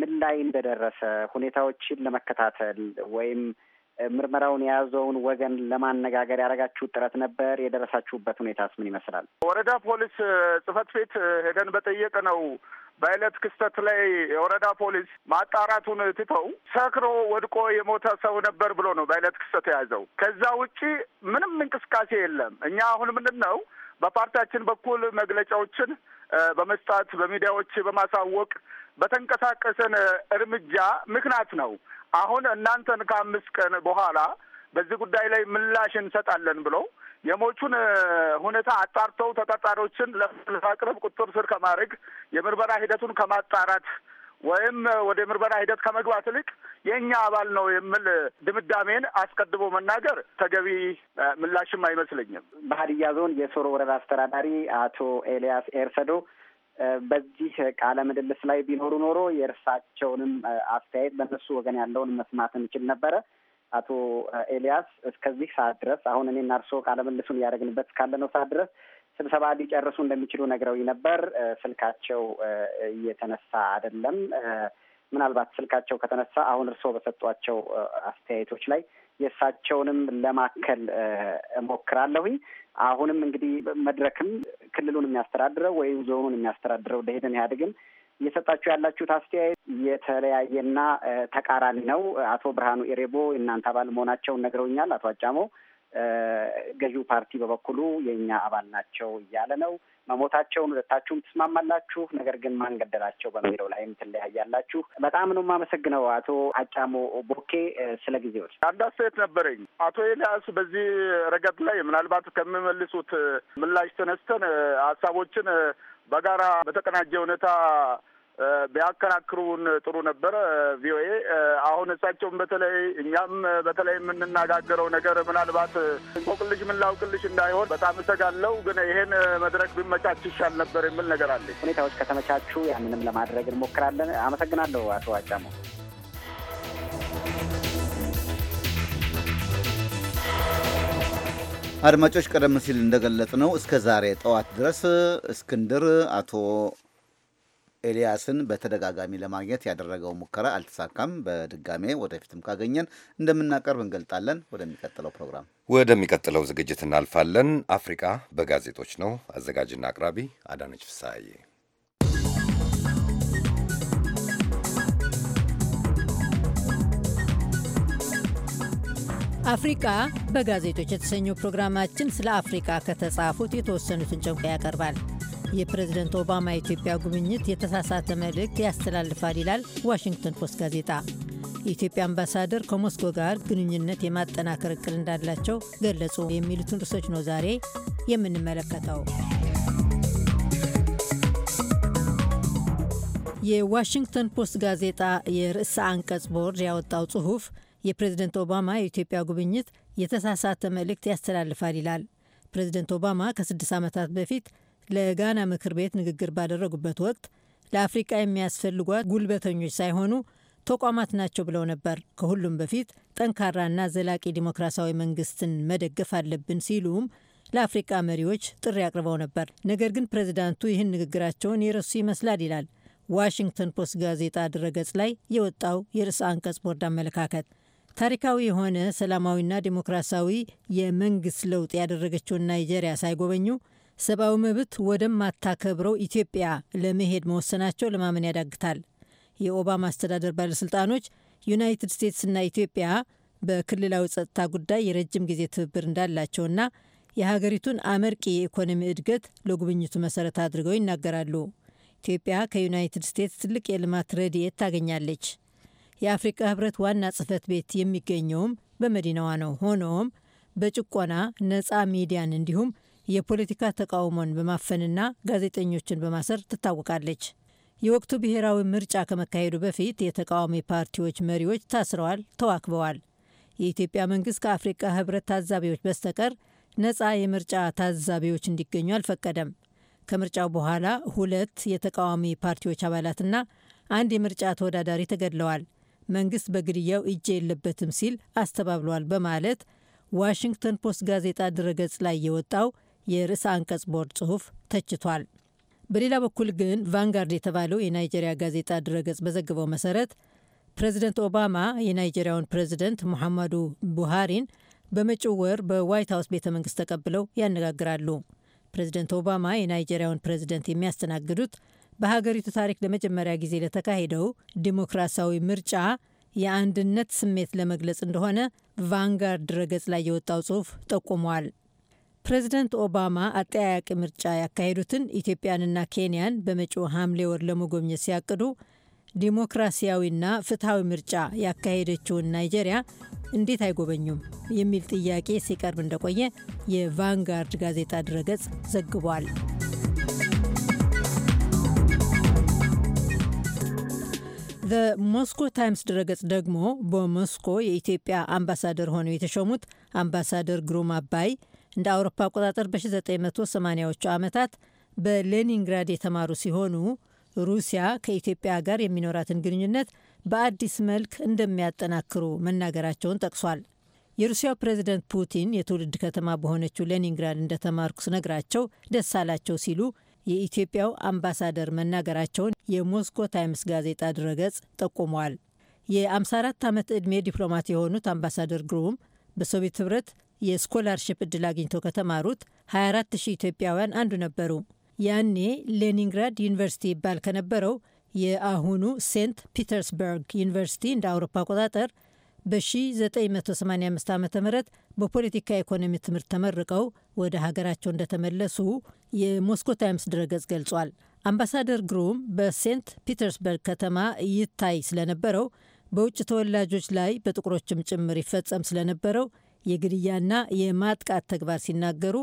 ምን ላይ እንደደረሰ ሁኔታዎችን ለመከታተል ወይም ምርመራውን የያዘውን ወገን ለማነጋገር ያደረጋችሁ ጥረት ነበር? የደረሳችሁበት ሁኔታስ ምን ይመስላል? ወረዳ ፖሊስ ጽሕፈት ቤት ሄደን በጠየቅ ነው በዕለት ክስተት ላይ የወረዳ ፖሊስ ማጣራቱን ትተው ሰክሮ ወድቆ የሞተ ሰው ነበር ብሎ ነው በዕለት ክስተት የያዘው። ከዛ ውጪ ምንም እንቅስቃሴ የለም። እኛ አሁን ምንድን ነው በፓርቲያችን በኩል መግለጫዎችን በመስጣት በሚዲያዎች በማሳወቅ በተንቀሳቀሰን እርምጃ ምክንያት ነው አሁን እናንተን ከአምስት ቀን በኋላ በዚህ ጉዳይ ላይ ምላሽ እንሰጣለን ብለው የሞቹን ሁኔታ አጣርተው ተጠርጣሪዎችን ለማቅረብ ቁጥር ስር ከማድረግ የምርመራ ሂደቱን ከማጣራት ወይም ወደ ምርመራ ሂደት ከመግባት ይልቅ የእኛ አባል ነው የሚል ድምዳሜን አስቀድሞ መናገር ተገቢ ምላሽም አይመስለኝም። በሀዲያ ዞን የሶሮ ወረዳ አስተዳዳሪ አቶ ኤልያስ ኤርሰዶ በዚህ ቃለ ምልልስ ላይ ቢኖሩ ኖሮ የእርሳቸውንም አስተያየት በእነሱ ወገን ያለውን መስማት እንችል ነበረ። አቶ ኤልያስ እስከዚህ ሰዓት ድረስ አሁን እኔና እርስዎ ቃለ ምልሱን እያደረግንበት እስካለነው ሰዓት ድረስ ስብሰባ ሊጨርሱ እንደሚችሉ ነግረው ነበር። ስልካቸው እየተነሳ አይደለም። ምናልባት ስልካቸው ከተነሳ አሁን እርስዎ በሰጧቸው አስተያየቶች ላይ የእሳቸውንም ለማከል እሞክራለሁኝ። አሁንም እንግዲህ መድረክም ክልሉን የሚያስተዳድረው ወይም ዞኑን የሚያስተዳድረው ደሄደን ኢህአዴግም እየሰጣችሁ ያላችሁት አስተያየት የተለያየና ተቃራኒ ነው። አቶ ብርሃኑ ኤሬቦ እናንተ አባል መሆናቸውን ነግረውኛል። አቶ አጫሞ ገዢው ፓርቲ በበኩሉ የእኛ አባል ናቸው እያለ ነው። መሞታቸውን ሁለታችሁም ትስማማላችሁ፣ ነገር ግን ማን ገደላቸው በሚለው ላይም ትለያያላችሁ። በጣም ነው የማመሰግነው አቶ አጫሞ ቦኬ ስለ ጊዜዎች። አንድ አስተያየት ነበረኝ አቶ ኤልያስ በዚህ ረገድ ላይ ምናልባት ከሚመልሱት ምላሽ ተነስተን ሀሳቦችን በጋራ በተቀናጀ ሁኔታ ቢያከራክሩን ጥሩ ነበረ። ቪኦኤ አሁን እሳቸውም በተለይ እኛም በተለይ የምንነጋገረው ነገር ምናልባት እንቆቅልሽ የምንላውቅልሽ እንዳይሆን በጣም እሰጋለሁ፣ ግን ይሄን መድረክ ቢመቻች ይሻል ነበር የሚል ነገር አለ። ሁኔታዎች ከተመቻቹ ያንንም ለማድረግ እንሞክራለን። አመሰግናለሁ አቶ አጫሞ። አድማጮች፣ ቀደም ሲል እንደገለጽ ነው እስከ ዛሬ ጠዋት ድረስ እስክንድር አቶ ኤልያስን በተደጋጋሚ ለማግኘት ያደረገው ሙከራ አልተሳካም። በድጋሜ ወደፊትም ካገኘን እንደምናቀርብ እንገልጣለን። ወደሚቀጥለው ፕሮግራም ወደሚቀጥለው ዝግጅት እናልፋለን። አፍሪቃ በጋዜጦች ነው። አዘጋጅና አቅራቢ አዳነች ፍስሐዬ። አፍሪቃ በጋዜጦች የተሰኘው ፕሮግራማችን ስለ አፍሪቃ ከተጻፉት የተወሰኑትን ጨምቆ ያቀርባል። የፕሬዝደንት ኦባማ የኢትዮጵያ ጉብኝት የተሳሳተ መልእክት ያስተላልፋል ይላል ዋሽንግተን ፖስት ጋዜጣ። የኢትዮጵያ አምባሳደር ከሞስኮ ጋር ግንኙነት የማጠናከር እቅድ እንዳላቸው ገለጹ። የሚሉትን ርዕሶች ነው ዛሬ የምንመለከተው። የዋሽንግተን ፖስት ጋዜጣ የርዕሰ አንቀጽ ቦርድ ያወጣው ጽሑፍ የፕሬዝደንት ኦባማ የኢትዮጵያ ጉብኝት የተሳሳተ መልእክት ያስተላልፋል ይላል። ፕሬዝደንት ኦባማ ከስድስት ዓመታት በፊት ለጋና ምክር ቤት ንግግር ባደረጉበት ወቅት ለአፍሪቃ የሚያስፈልጓት ጉልበተኞች ሳይሆኑ ተቋማት ናቸው ብለው ነበር። ከሁሉም በፊት ጠንካራና ዘላቂ ዲሞክራሲያዊ መንግስትን መደገፍ አለብን ሲሉም ለአፍሪቃ መሪዎች ጥሪ አቅርበው ነበር። ነገር ግን ፕሬዚዳንቱ ይህን ንግግራቸውን የረሱ ይመስላል ይላል ዋሽንግተን ፖስት ጋዜጣ ድረገጽ ላይ የወጣው የርዕሰ አንቀጽ ቦርድ አመለካከት። ታሪካዊ የሆነ ሰላማዊና ዲሞክራሲያዊ የመንግስት ለውጥ ያደረገችውን ናይጄሪያ ሳይጎበኙ ሰብአዊ መብት ወደማታከብረው ኢትዮጵያ ለመሄድ መወሰናቸው ለማመን ያዳግታል። የኦባማ አስተዳደር ባለሥልጣኖች ዩናይትድ ስቴትስና ኢትዮጵያ በክልላዊ ጸጥታ ጉዳይ የረጅም ጊዜ ትብብር እንዳላቸውና የሀገሪቱን አመርቂ የኢኮኖሚ እድገት ለጉብኝቱ መሰረት አድርገው ይናገራሉ። ኢትዮጵያ ከዩናይትድ ስቴትስ ትልቅ የልማት ረድኤት ታገኛለች። የአፍሪካ ህብረት ዋና ጽህፈት ቤት የሚገኘውም በመዲናዋ ነው። ሆኖም በጭቆና ነጻ ሚዲያን እንዲሁም የፖለቲካ ተቃውሞን በማፈንና ጋዜጠኞችን በማሰር ትታወቃለች። የወቅቱ ብሔራዊ ምርጫ ከመካሄዱ በፊት የተቃዋሚ ፓርቲዎች መሪዎች ታስረዋል፣ ተዋክበዋል። የኢትዮጵያ መንግስት ከአፍሪካ ህብረት ታዛቢዎች በስተቀር ነፃ የምርጫ ታዛቢዎች እንዲገኙ አልፈቀደም። ከምርጫው በኋላ ሁለት የተቃዋሚ ፓርቲዎች አባላትና አንድ የምርጫ ተወዳዳሪ ተገድለዋል። መንግስት በግድያው እጅ የለበትም ሲል አስተባብሏል በማለት ዋሽንግተን ፖስት ጋዜጣ ድረገጽ ላይ የወጣው የርዕሰ አንቀጽ ቦርድ ጽሑፍ ተችቷል። በሌላ በኩል ግን ቫንጋርድ የተባለው የናይጄሪያ ጋዜጣ ድረገጽ በዘግበው መሰረት ፕሬዚደንት ኦባማ የናይጄሪያውን ፕሬዚደንት ሙሐመዱ ቡሃሪን በመጪው ወር በዋይት ሀውስ ቤተ መንግስት ተቀብለው ያነጋግራሉ። ፕሬዚደንት ኦባማ የናይጄሪያውን ፕሬዚደንት የሚያስተናግዱት በሀገሪቱ ታሪክ ለመጀመሪያ ጊዜ ለተካሄደው ዲሞክራሲያዊ ምርጫ የአንድነት ስሜት ለመግለጽ እንደሆነ ቫንጋርድ ድረገጽ ላይ የወጣው ጽሑፍ ጠቁሟል። ፕሬዚደንት ኦባማ አጠያያቂ ምርጫ ያካሄዱትን ኢትዮጵያንና ኬንያን በመጪው ሐምሌ ወር ለመጎብኘት ሲያቅዱ ዲሞክራሲያዊና ፍትሐዊ ምርጫ ያካሄደችውን ናይጄሪያ እንዴት አይጎበኙም የሚል ጥያቄ ሲቀርብ እንደቆየ የቫንጋርድ ጋዜጣ ድረገጽ ዘግቧል። በሞስኮ ታይምስ ድረገጽ ደግሞ በሞስኮ የኢትዮጵያ አምባሳደር ሆነው የተሾሙት አምባሳደር ግሩም አባይ እንደ አውሮፓ አቆጣጠር በ1980ዎቹ ዓመታት በሌኒንግራድ የተማሩ ሲሆኑ ሩሲያ ከኢትዮጵያ ጋር የሚኖራትን ግንኙነት በአዲስ መልክ እንደሚያጠናክሩ መናገራቸውን ጠቅሷል። የሩሲያው ፕሬዚደንት ፑቲን የትውልድ ከተማ በሆነችው ሌኒንግራድ እንደተማርኩ ስነግራቸው ደስ አላቸው ሲሉ የኢትዮጵያው አምባሳደር መናገራቸውን የሞስኮ ታይምስ ጋዜጣ ድረገጽ ጠቁመዋል። የ54 ዓመት ዕድሜ ዲፕሎማት የሆኑት አምባሳደር ግሩም በሶቪየት ህብረት የስኮላርሽፕ እድል አግኝተው ከተማሩት 24000 ኢትዮጵያውያን አንዱ ነበሩ። ያኔ ሌኒንግራድ ዩኒቨርሲቲ ይባል ከነበረው የአሁኑ ሴንት ፒተርስበርግ ዩኒቨርሲቲ እንደ አውሮፓ አቆጣጠር በ1985 ዓ ም በፖለቲካ ኢኮኖሚ ትምህርት ተመርቀው ወደ ሀገራቸው እንደተመለሱ የሞስኮ ታይምስ ድረገጽ ገልጿል። አምባሳደር ግሩም በሴንት ፒተርስበርግ ከተማ ይታይ ስለነበረው በውጭ ተወላጆች ላይ በጥቁሮችም ጭምር ይፈጸም ስለነበረው የግድያና የማጥቃት ተግባር ሲናገሩ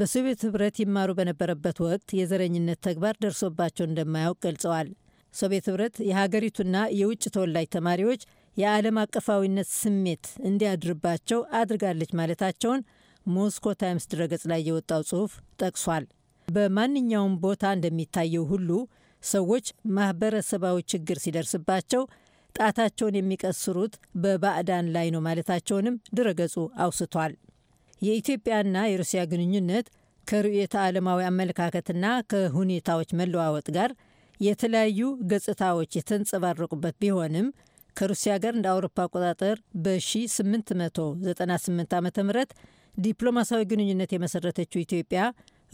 በሶቪየት ህብረት ይማሩ በነበረበት ወቅት የዘረኝነት ተግባር ደርሶባቸው እንደማያውቅ ገልጸዋል። ሶቪየት ህብረት የሀገሪቱና የውጭ ተወላጅ ተማሪዎች የዓለም አቀፋዊነት ስሜት እንዲያድርባቸው አድርጋለች ማለታቸውን ሞስኮ ታይምስ ድረገጽ ላይ የወጣው ጽሑፍ ጠቅሷል። በማንኛውም ቦታ እንደሚታየው ሁሉ ሰዎች ማህበረሰባዊ ችግር ሲደርስባቸው ጣታቸውን የሚቀስሩት በባዕዳን ላይ ነው ማለታቸውንም ድረገጹ አውስቷል። የኢትዮጵያና የሩሲያ ግንኙነት ከርዕዮተ ዓለማዊ አመለካከትና ከሁኔታዎች መለዋወጥ ጋር የተለያዩ ገጽታዎች የተንጸባረቁበት ቢሆንም ከሩሲያ ጋር እንደ አውሮፓ አቆጣጠር በ1898 ዓ ም ዲፕሎማሲያዊ ግንኙነት የመሰረተችው ኢትዮጵያ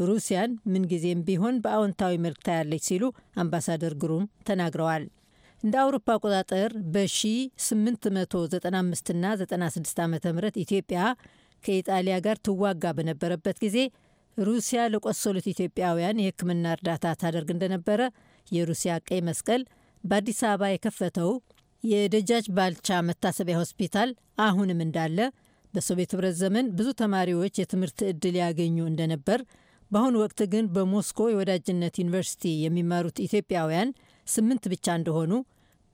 ሩሲያን ምንጊዜም ቢሆን በአዎንታዊ መልክ ታያለች ሲሉ አምባሳደር ግሩም ተናግረዋል። እንደ አውሮፓ አቆጣጠር በ1895 እና 96 ዓ ም ኢትዮጵያ ከኢጣሊያ ጋር ትዋጋ በነበረበት ጊዜ ሩሲያ ለቆሰሉት ኢትዮጵያውያን የሕክምና እርዳታ ታደርግ እንደነበረ የሩሲያ ቀይ መስቀል በአዲስ አበባ የከፈተው የደጃጅ ባልቻ መታሰቢያ ሆስፒታል አሁንም እንዳለ በሶቪየት ህብረት ዘመን ብዙ ተማሪዎች የትምህርት ዕድል ያገኙ እንደነበር፣ በአሁኑ ወቅት ግን በሞስኮ የወዳጅነት ዩኒቨርሲቲ የሚማሩት ኢትዮጵያውያን ስምንት ብቻ እንደሆኑ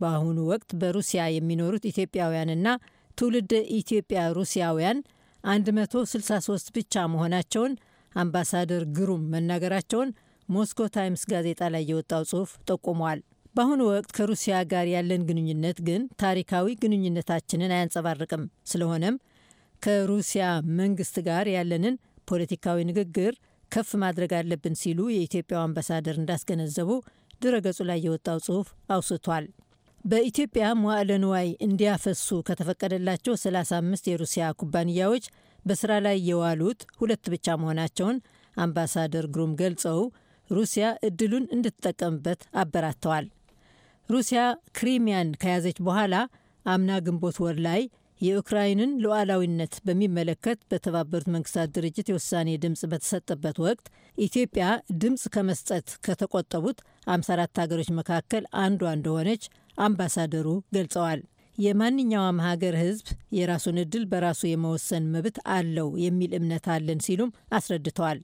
በአሁኑ ወቅት በሩሲያ የሚኖሩት ኢትዮጵያውያንና ትውልድ ኢትዮጵያ ሩሲያውያን 163 ብቻ መሆናቸውን አምባሳደር ግሩም መናገራቸውን ሞስኮ ታይምስ ጋዜጣ ላይ የወጣው ጽሑፍ ጠቁሟል። በአሁኑ ወቅት ከሩሲያ ጋር ያለን ግንኙነት ግን ታሪካዊ ግንኙነታችንን አያንጸባርቅም። ስለሆነም ከሩሲያ መንግስት ጋር ያለንን ፖለቲካዊ ንግግር ከፍ ማድረግ አለብን ሲሉ የኢትዮጵያው አምባሳደር እንዳስገነዘቡ ድረገጹ ላይ የወጣው ጽሑፍ አውስቷል። በኢትዮጵያ መዋዕለ ንዋይ እንዲያፈሱ ከተፈቀደላቸው 35 የሩሲያ ኩባንያዎች በስራ ላይ የዋሉት ሁለት ብቻ መሆናቸውን አምባሳደር ግሩም ገልጸው ሩሲያ እድሉን እንድትጠቀምበት አበራተዋል። ሩሲያ ክሪሚያን ከያዘች በኋላ አምና ግንቦት ወር ላይ የዩክራይንን ሉዓላዊነት በሚመለከት በተባበሩት መንግስታት ድርጅት የውሳኔ ድምፅ በተሰጠበት ወቅት ኢትዮጵያ ድምፅ ከመስጠት ከተቆጠቡት 54 ሀገሮች መካከል አንዷ እንደሆነች አምባሳደሩ ገልጸዋል። የማንኛውም ሀገር ህዝብ የራሱን እድል በራሱ የመወሰን መብት አለው የሚል እምነት አለን ሲሉም አስረድተዋል።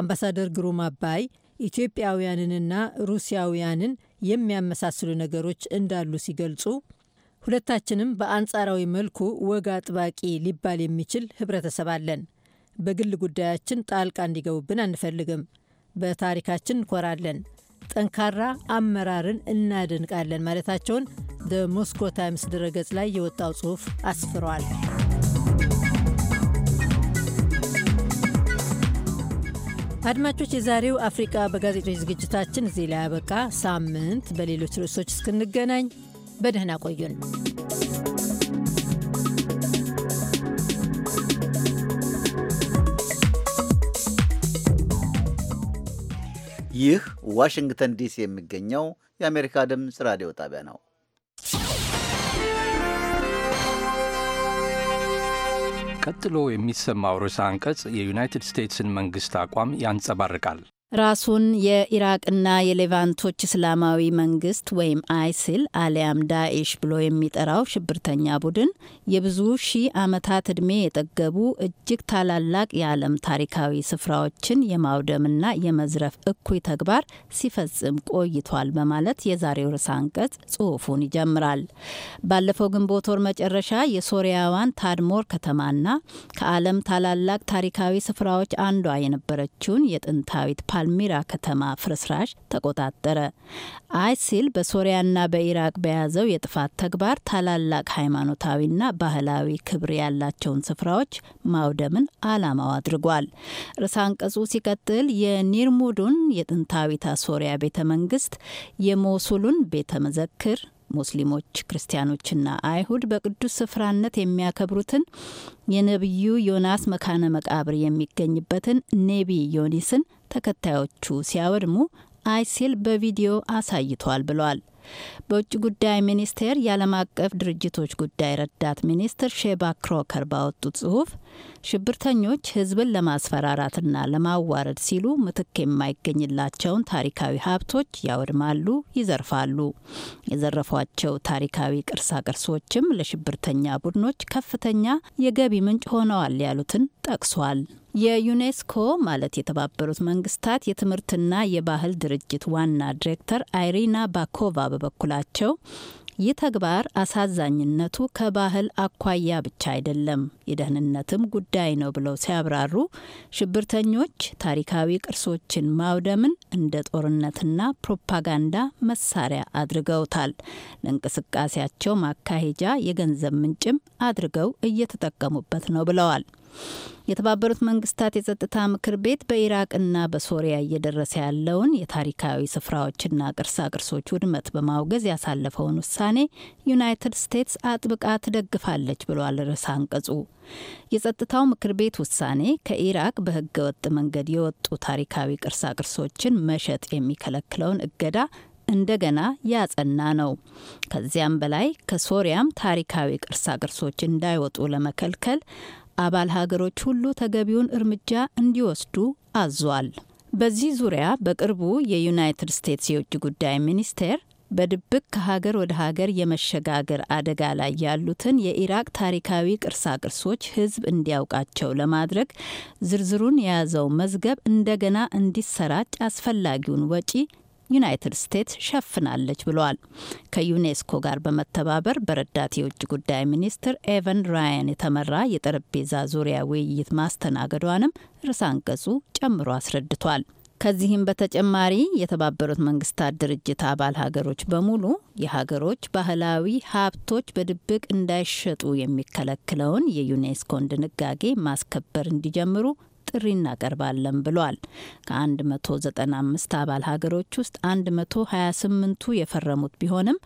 አምባሳደር ግሩም አባይ ኢትዮጵያውያንንና ሩሲያውያንን የሚያመሳስሉ ነገሮች እንዳሉ ሲገልጹ ሁለታችንም በአንጻራዊ መልኩ ወግ አጥባቂ ሊባል የሚችል ህብረተሰብ አለን። በግል ጉዳያችን ጣልቃ እንዲገቡብን አንፈልግም። በታሪካችን እንኮራለን፣ ጠንካራ አመራርን እናደንቃለን ማለታቸውን ሞስኮ ታይምስ ድረገጽ ላይ የወጣው ጽሑፍ አስፍሯል። አድማጮች፣ የዛሬው አፍሪቃ በጋዜጦች ዝግጅታችን እዚህ ላይ ያበቃ። ሳምንት በሌሎች ርዕሶች እስክንገናኝ በደህና ቆዩን። ይህ ዋሽንግተን ዲሲ የሚገኘው የአሜሪካ ድምፅ ራዲዮ ጣቢያ ነው። ቀጥሎ የሚሰማው ርዕሰ አንቀጽ የዩናይትድ ስቴትስን መንግሥት አቋም ያንጸባርቃል። ራሱን የኢራቅና የሌቫንቶች እስላማዊ መንግስት ወይም አይሲል አሊያም ዳኤሽ ብሎ የሚጠራው ሽብርተኛ ቡድን የብዙ ሺህ ዓመታት ዕድሜ የጠገቡ እጅግ ታላላቅ የዓለም ታሪካዊ ስፍራዎችን የማውደምና የመዝረፍ እኩይ ተግባር ሲፈጽም ቆይቷል በማለት የዛሬው ርዕሰ አንቀጽ ጽሑፉን ይጀምራል። ባለፈው ግንቦት ወር መጨረሻ የሶሪያዋን ታድሞር ከተማና ከዓለም ታላላቅ ታሪካዊ ስፍራዎች አንዷ የነበረችውን የጥንታዊት የፓልሚራ ከተማ ፍርስራሽ ተቆጣጠረ። አይሲል በሶሪያና በኢራቅ በያዘው የጥፋት ተግባር ታላላቅ ሃይማኖታዊና ባህላዊ ክብር ያላቸውን ስፍራዎች ማውደምን አላማው አድርጓል። ርዕሰ አንቀጹ ሲቀጥል የኒርሙዱን የጥንታዊታ ሶሪያ ቤተ መንግስት፣ የሞሱሉን ቤተ መዘክር ሙስሊሞች፣ ክርስቲያኖችና አይሁድ በቅዱስ ስፍራነት የሚያከብሩትን የነቢዩ ዮናስ መካነ መቃብር የሚገኝበትን ኔቢ ዮኒስን ተከታዮቹ ሲያወድሙ አይሲል በቪዲዮ አሳይቷል ብሏል። በውጭ ጉዳይ ሚኒስቴር የዓለም አቀፍ ድርጅቶች ጉዳይ ረዳት ሚኒስትር ሼባ ክሮከር ባወጡት ጽሁፍ ሽብርተኞች ህዝብን ለማስፈራራትና ለማዋረድ ሲሉ ምትክ የማይገኝላቸውን ታሪካዊ ሀብቶች ያወድማሉ፣ ይዘርፋሉ። የዘረፏቸው ታሪካዊ ቅርሳቅርሶችም ለሽብርተኛ ቡድኖች ከፍተኛ የገቢ ምንጭ ሆነዋል ያሉትን ጠቅሷል። የዩኔስኮ ማለት የተባበሩት መንግስታት የትምህርትና የባህል ድርጅት ዋና ዲሬክተር አይሪና ባኮቫ በበኩላቸው ይህ ተግባር አሳዛኝነቱ ከባህል አኳያ ብቻ አይደለም፣ የደህንነትም ጉዳይ ነው ብለው ሲያብራሩ ሽብርተኞች ታሪካዊ ቅርሶችን ማውደምን እንደ ጦርነትና ፕሮፓጋንዳ መሳሪያ አድርገውታል። ለእንቅስቃሴያቸው ማካሄጃ የገንዘብ ምንጭም አድርገው እየተጠቀሙበት ነው ብለዋል። የተባበሩት መንግስታት የጸጥታ ምክር ቤት በኢራቅና በሶሪያ እየደረሰ ያለውን የታሪካዊ ስፍራዎችና ቅርሳ ቅርሶች ውድመት በማውገዝ ያሳለፈውን ውሳኔ ዩናይትድ ስቴትስ አጥብቃ ትደግፋለች ብሏል ርዕሰ አንቀጹ። የጸጥታው ምክር ቤት ውሳኔ ከኢራቅ በህገ ወጥ መንገድ የወጡ ታሪካዊ ቅርሳ ቅርሶችን መሸጥ የሚከለክለውን እገዳ እንደገና ያጸና ነው። ከዚያም በላይ ከሶሪያም ታሪካዊ ቅርሳ ቅርሶች እንዳይወጡ ለመከልከል አባል ሀገሮች ሁሉ ተገቢውን እርምጃ እንዲወስዱ አዟል። በዚህ ዙሪያ በቅርቡ የዩናይትድ ስቴትስ የውጭ ጉዳይ ሚኒስቴር በድብቅ ከሀገር ወደ ሀገር የመሸጋገር አደጋ ላይ ያሉትን የኢራቅ ታሪካዊ ቅርሳቅርሶች ሕዝብ እንዲያውቃቸው ለማድረግ ዝርዝሩን የያዘው መዝገብ እንደገና እንዲሰራጭ አስፈላጊውን ወጪ ዩናይትድ ስቴትስ ሸፍናለች ብሏል። ከዩኔስኮ ጋር በመተባበር በረዳት የውጭ ጉዳይ ሚኒስትር ኤቨን ራያን የተመራ የጠረጴዛ ዙሪያ ውይይት ማስተናገዷንም ርዕሰ አንቀጹ ጨምሮ አስረድቷል። ከዚህም በተጨማሪ የተባበሩት መንግስታት ድርጅት አባል ሀገሮች በሙሉ የሀገሮች ባህላዊ ሀብቶች በድብቅ እንዳይሸጡ የሚከለክለውን የዩኔስኮን ድንጋጌ ማስከበር እንዲጀምሩ ጥሪ እናቀርባለን ብሏል። ከ195 አባል ሀገሮች ውስጥ 128ቱ የፈረሙት ቢሆንም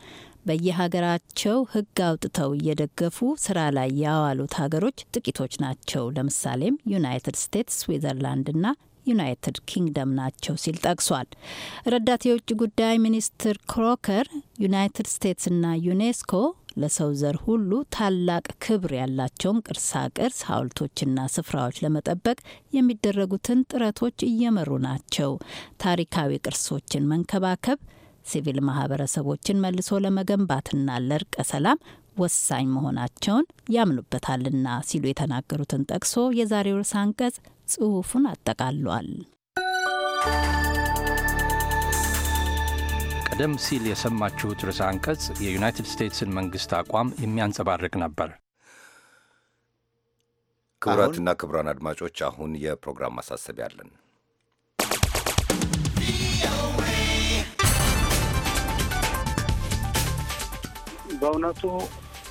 በየሀገራቸው ሕግ አውጥተው እየደገፉ ስራ ላይ ያዋሉት ሀገሮች ጥቂቶች ናቸው። ለምሳሌም ዩናይትድ ስቴትስ፣ ና ዩናይትድ ኪንግደም ናቸው ሲል ጠቅሷል። ረዳት የውጭ ጉዳይ ሚኒስትር ክሮከር ዩናይትድ ና ዩኔስኮ ለሰው ዘር ሁሉ ታላቅ ክብር ያላቸውን ቅርሳ ቅርስ ሐውልቶችና ስፍራዎች ለመጠበቅ የሚደረጉትን ጥረቶች እየመሩ ናቸው። ታሪካዊ ቅርሶችን መንከባከብ ሲቪል ማህበረሰቦችን መልሶ ለመገንባትና ለእርቀ ሰላም ወሳኝ መሆናቸውን ያምኑበታልና ሲሉ የተናገሩትን ጠቅሶ የዛሬው ርዕሰ አንቀጽ ጽሑፉን አጠቃሏል። ቀደም ሲል የሰማችሁት ርዕሰ አንቀጽ የዩናይትድ ስቴትስን መንግሥት አቋም የሚያንጸባርቅ ነበር። ክቡራትና ክቡራን አድማጮች አሁን የፕሮግራም ማሳሰቢያ አለን። በእውነቱ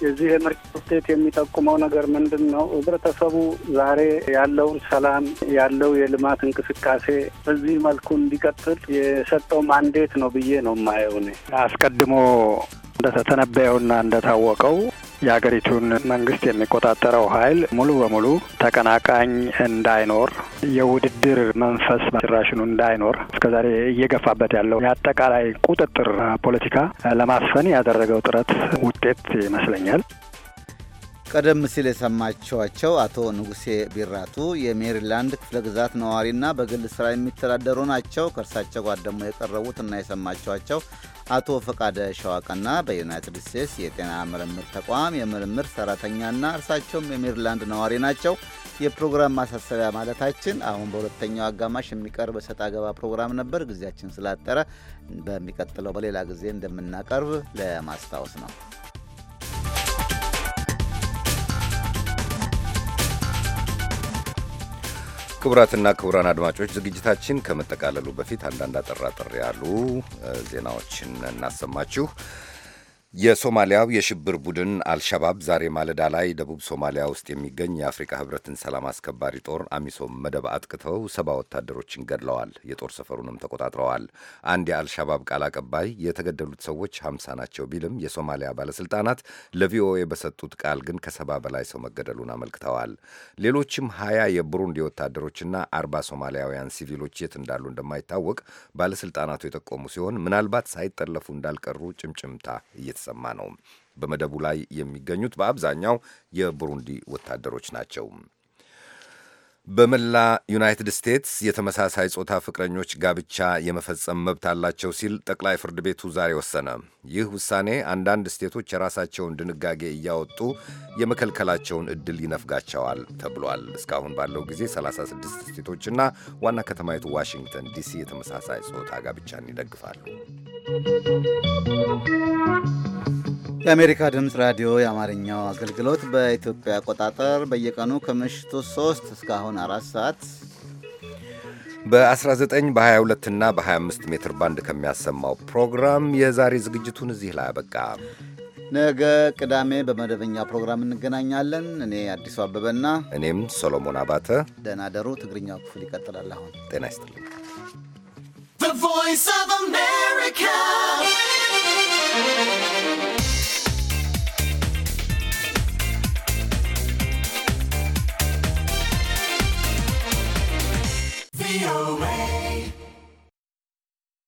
የዚህ የምርጫ ውጤት የሚጠቁመው ነገር ምንድን ነው? ህብረተሰቡ ዛሬ ያለውን ሰላም ያለው የልማት እንቅስቃሴ በዚህ መልኩ እንዲቀጥል የሰጠው ማንዴት ነው ብዬ ነው የማየው። እኔ አስቀድሞ እንደተተነበየውና እንደታወቀው የሀገሪቱን መንግስት የሚቆጣጠረው ኃይል ሙሉ በሙሉ ተቀናቃኝ እንዳይኖር የውድድር መንፈስ ጭራሽኑ እንዳይኖር እስከዛሬ እየገፋበት ያለው የአጠቃላይ ቁጥጥር ፖለቲካ ለማስፈን ያደረገው ጥረት ውጤት ይመስለኛል። ቀደም ሲል የሰማችኋቸው አቶ ንጉሴ ቢራቱ የሜሪላንድ ክፍለ ግዛት ነዋሪና በግል ስራ የሚተዳደሩ ናቸው። ከእርሳቸው ጋር ደግሞ የቀረቡት እና የሰማችኋቸው አቶ ፈቃደ ሸዋቀና በዩናይትድ ስቴትስ የጤና ምርምር ተቋም የምርምር ሰራተኛና እርሳቸውም የሜሪላንድ ነዋሪ ናቸው። የፕሮግራም ማሳሰቢያ ማለታችን አሁን በሁለተኛው አጋማሽ የሚቀርብ እሰጥ አገባ ፕሮግራም ነበር። ጊዜያችን ስላጠረ በሚቀጥለው በሌላ ጊዜ እንደምናቀርብ ለማስታወስ ነው። ክቡራትና ክቡራን አድማጮች ዝግጅታችን ከመጠቃለሉ በፊት አንዳንድ አጠራጠር ያሉ ዜናዎችን እናሰማችሁ። የሶማሊያው የሽብር ቡድን አልሸባብ ዛሬ ማለዳ ላይ ደቡብ ሶማሊያ ውስጥ የሚገኝ የአፍሪካ ህብረትን ሰላም አስከባሪ ጦር አሚሶም መደብ አጥቅተው ሰባ ወታደሮችን ገድለዋል። የጦር ሰፈሩንም ተቆጣጥረዋል። አንድ የአልሻባብ ቃል አቀባይ የተገደሉት ሰዎች ሀምሳ ናቸው ቢልም የሶማሊያ ባለስልጣናት ለቪኦኤ በሰጡት ቃል ግን ከሰባ በላይ ሰው መገደሉን አመልክተዋል። ሌሎችም ሀያ የቡሩንዲ ወታደሮችና አርባ ሶማሊያውያን ሲቪሎች የት እንዳሉ እንደማይታወቅ ባለስልጣናቱ የጠቆሙ ሲሆን ምናልባት ሳይጠለፉ እንዳልቀሩ ጭምጭምታ እየተሰማ ነው። በመደቡ ላይ የሚገኙት በአብዛኛው የቡሩንዲ ወታደሮች ናቸው። በመላ ዩናይትድ ስቴትስ የተመሳሳይ ጾታ ፍቅረኞች ጋብቻ የመፈጸም መብት አላቸው ሲል ጠቅላይ ፍርድ ቤቱ ዛሬ ወሰነ። ይህ ውሳኔ አንዳንድ ስቴቶች የራሳቸውን ድንጋጌ እያወጡ የመከልከላቸውን እድል ይነፍጋቸዋል ተብሏል። እስካሁን ባለው ጊዜ 36 ስቴቶችና ዋና ከተማይቱ ዋሽንግተን ዲሲ የተመሳሳይ ጾታ ጋብቻን ይደግፋሉ። የአሜሪካ ድምፅ ራዲዮ የአማርኛው አገልግሎት በኢትዮጵያ አቆጣጠር በየቀኑ ከምሽቱ 3 እስካሁን አራት ሰዓት በ19 በ22 እና በ25 ሜትር ባንድ ከሚያሰማው ፕሮግራም የዛሬ ዝግጅቱን እዚህ ላይ አበቃ። ነገ ቅዳሜ በመደበኛ ፕሮግራም እንገናኛለን። እኔ አዲሱ አበበና እኔም ሰሎሞን አባተ ደናደሩ። ትግርኛው ክፍል ይቀጥላል። አሁን ጤና ይስጥልኝ። Voice of America VOA.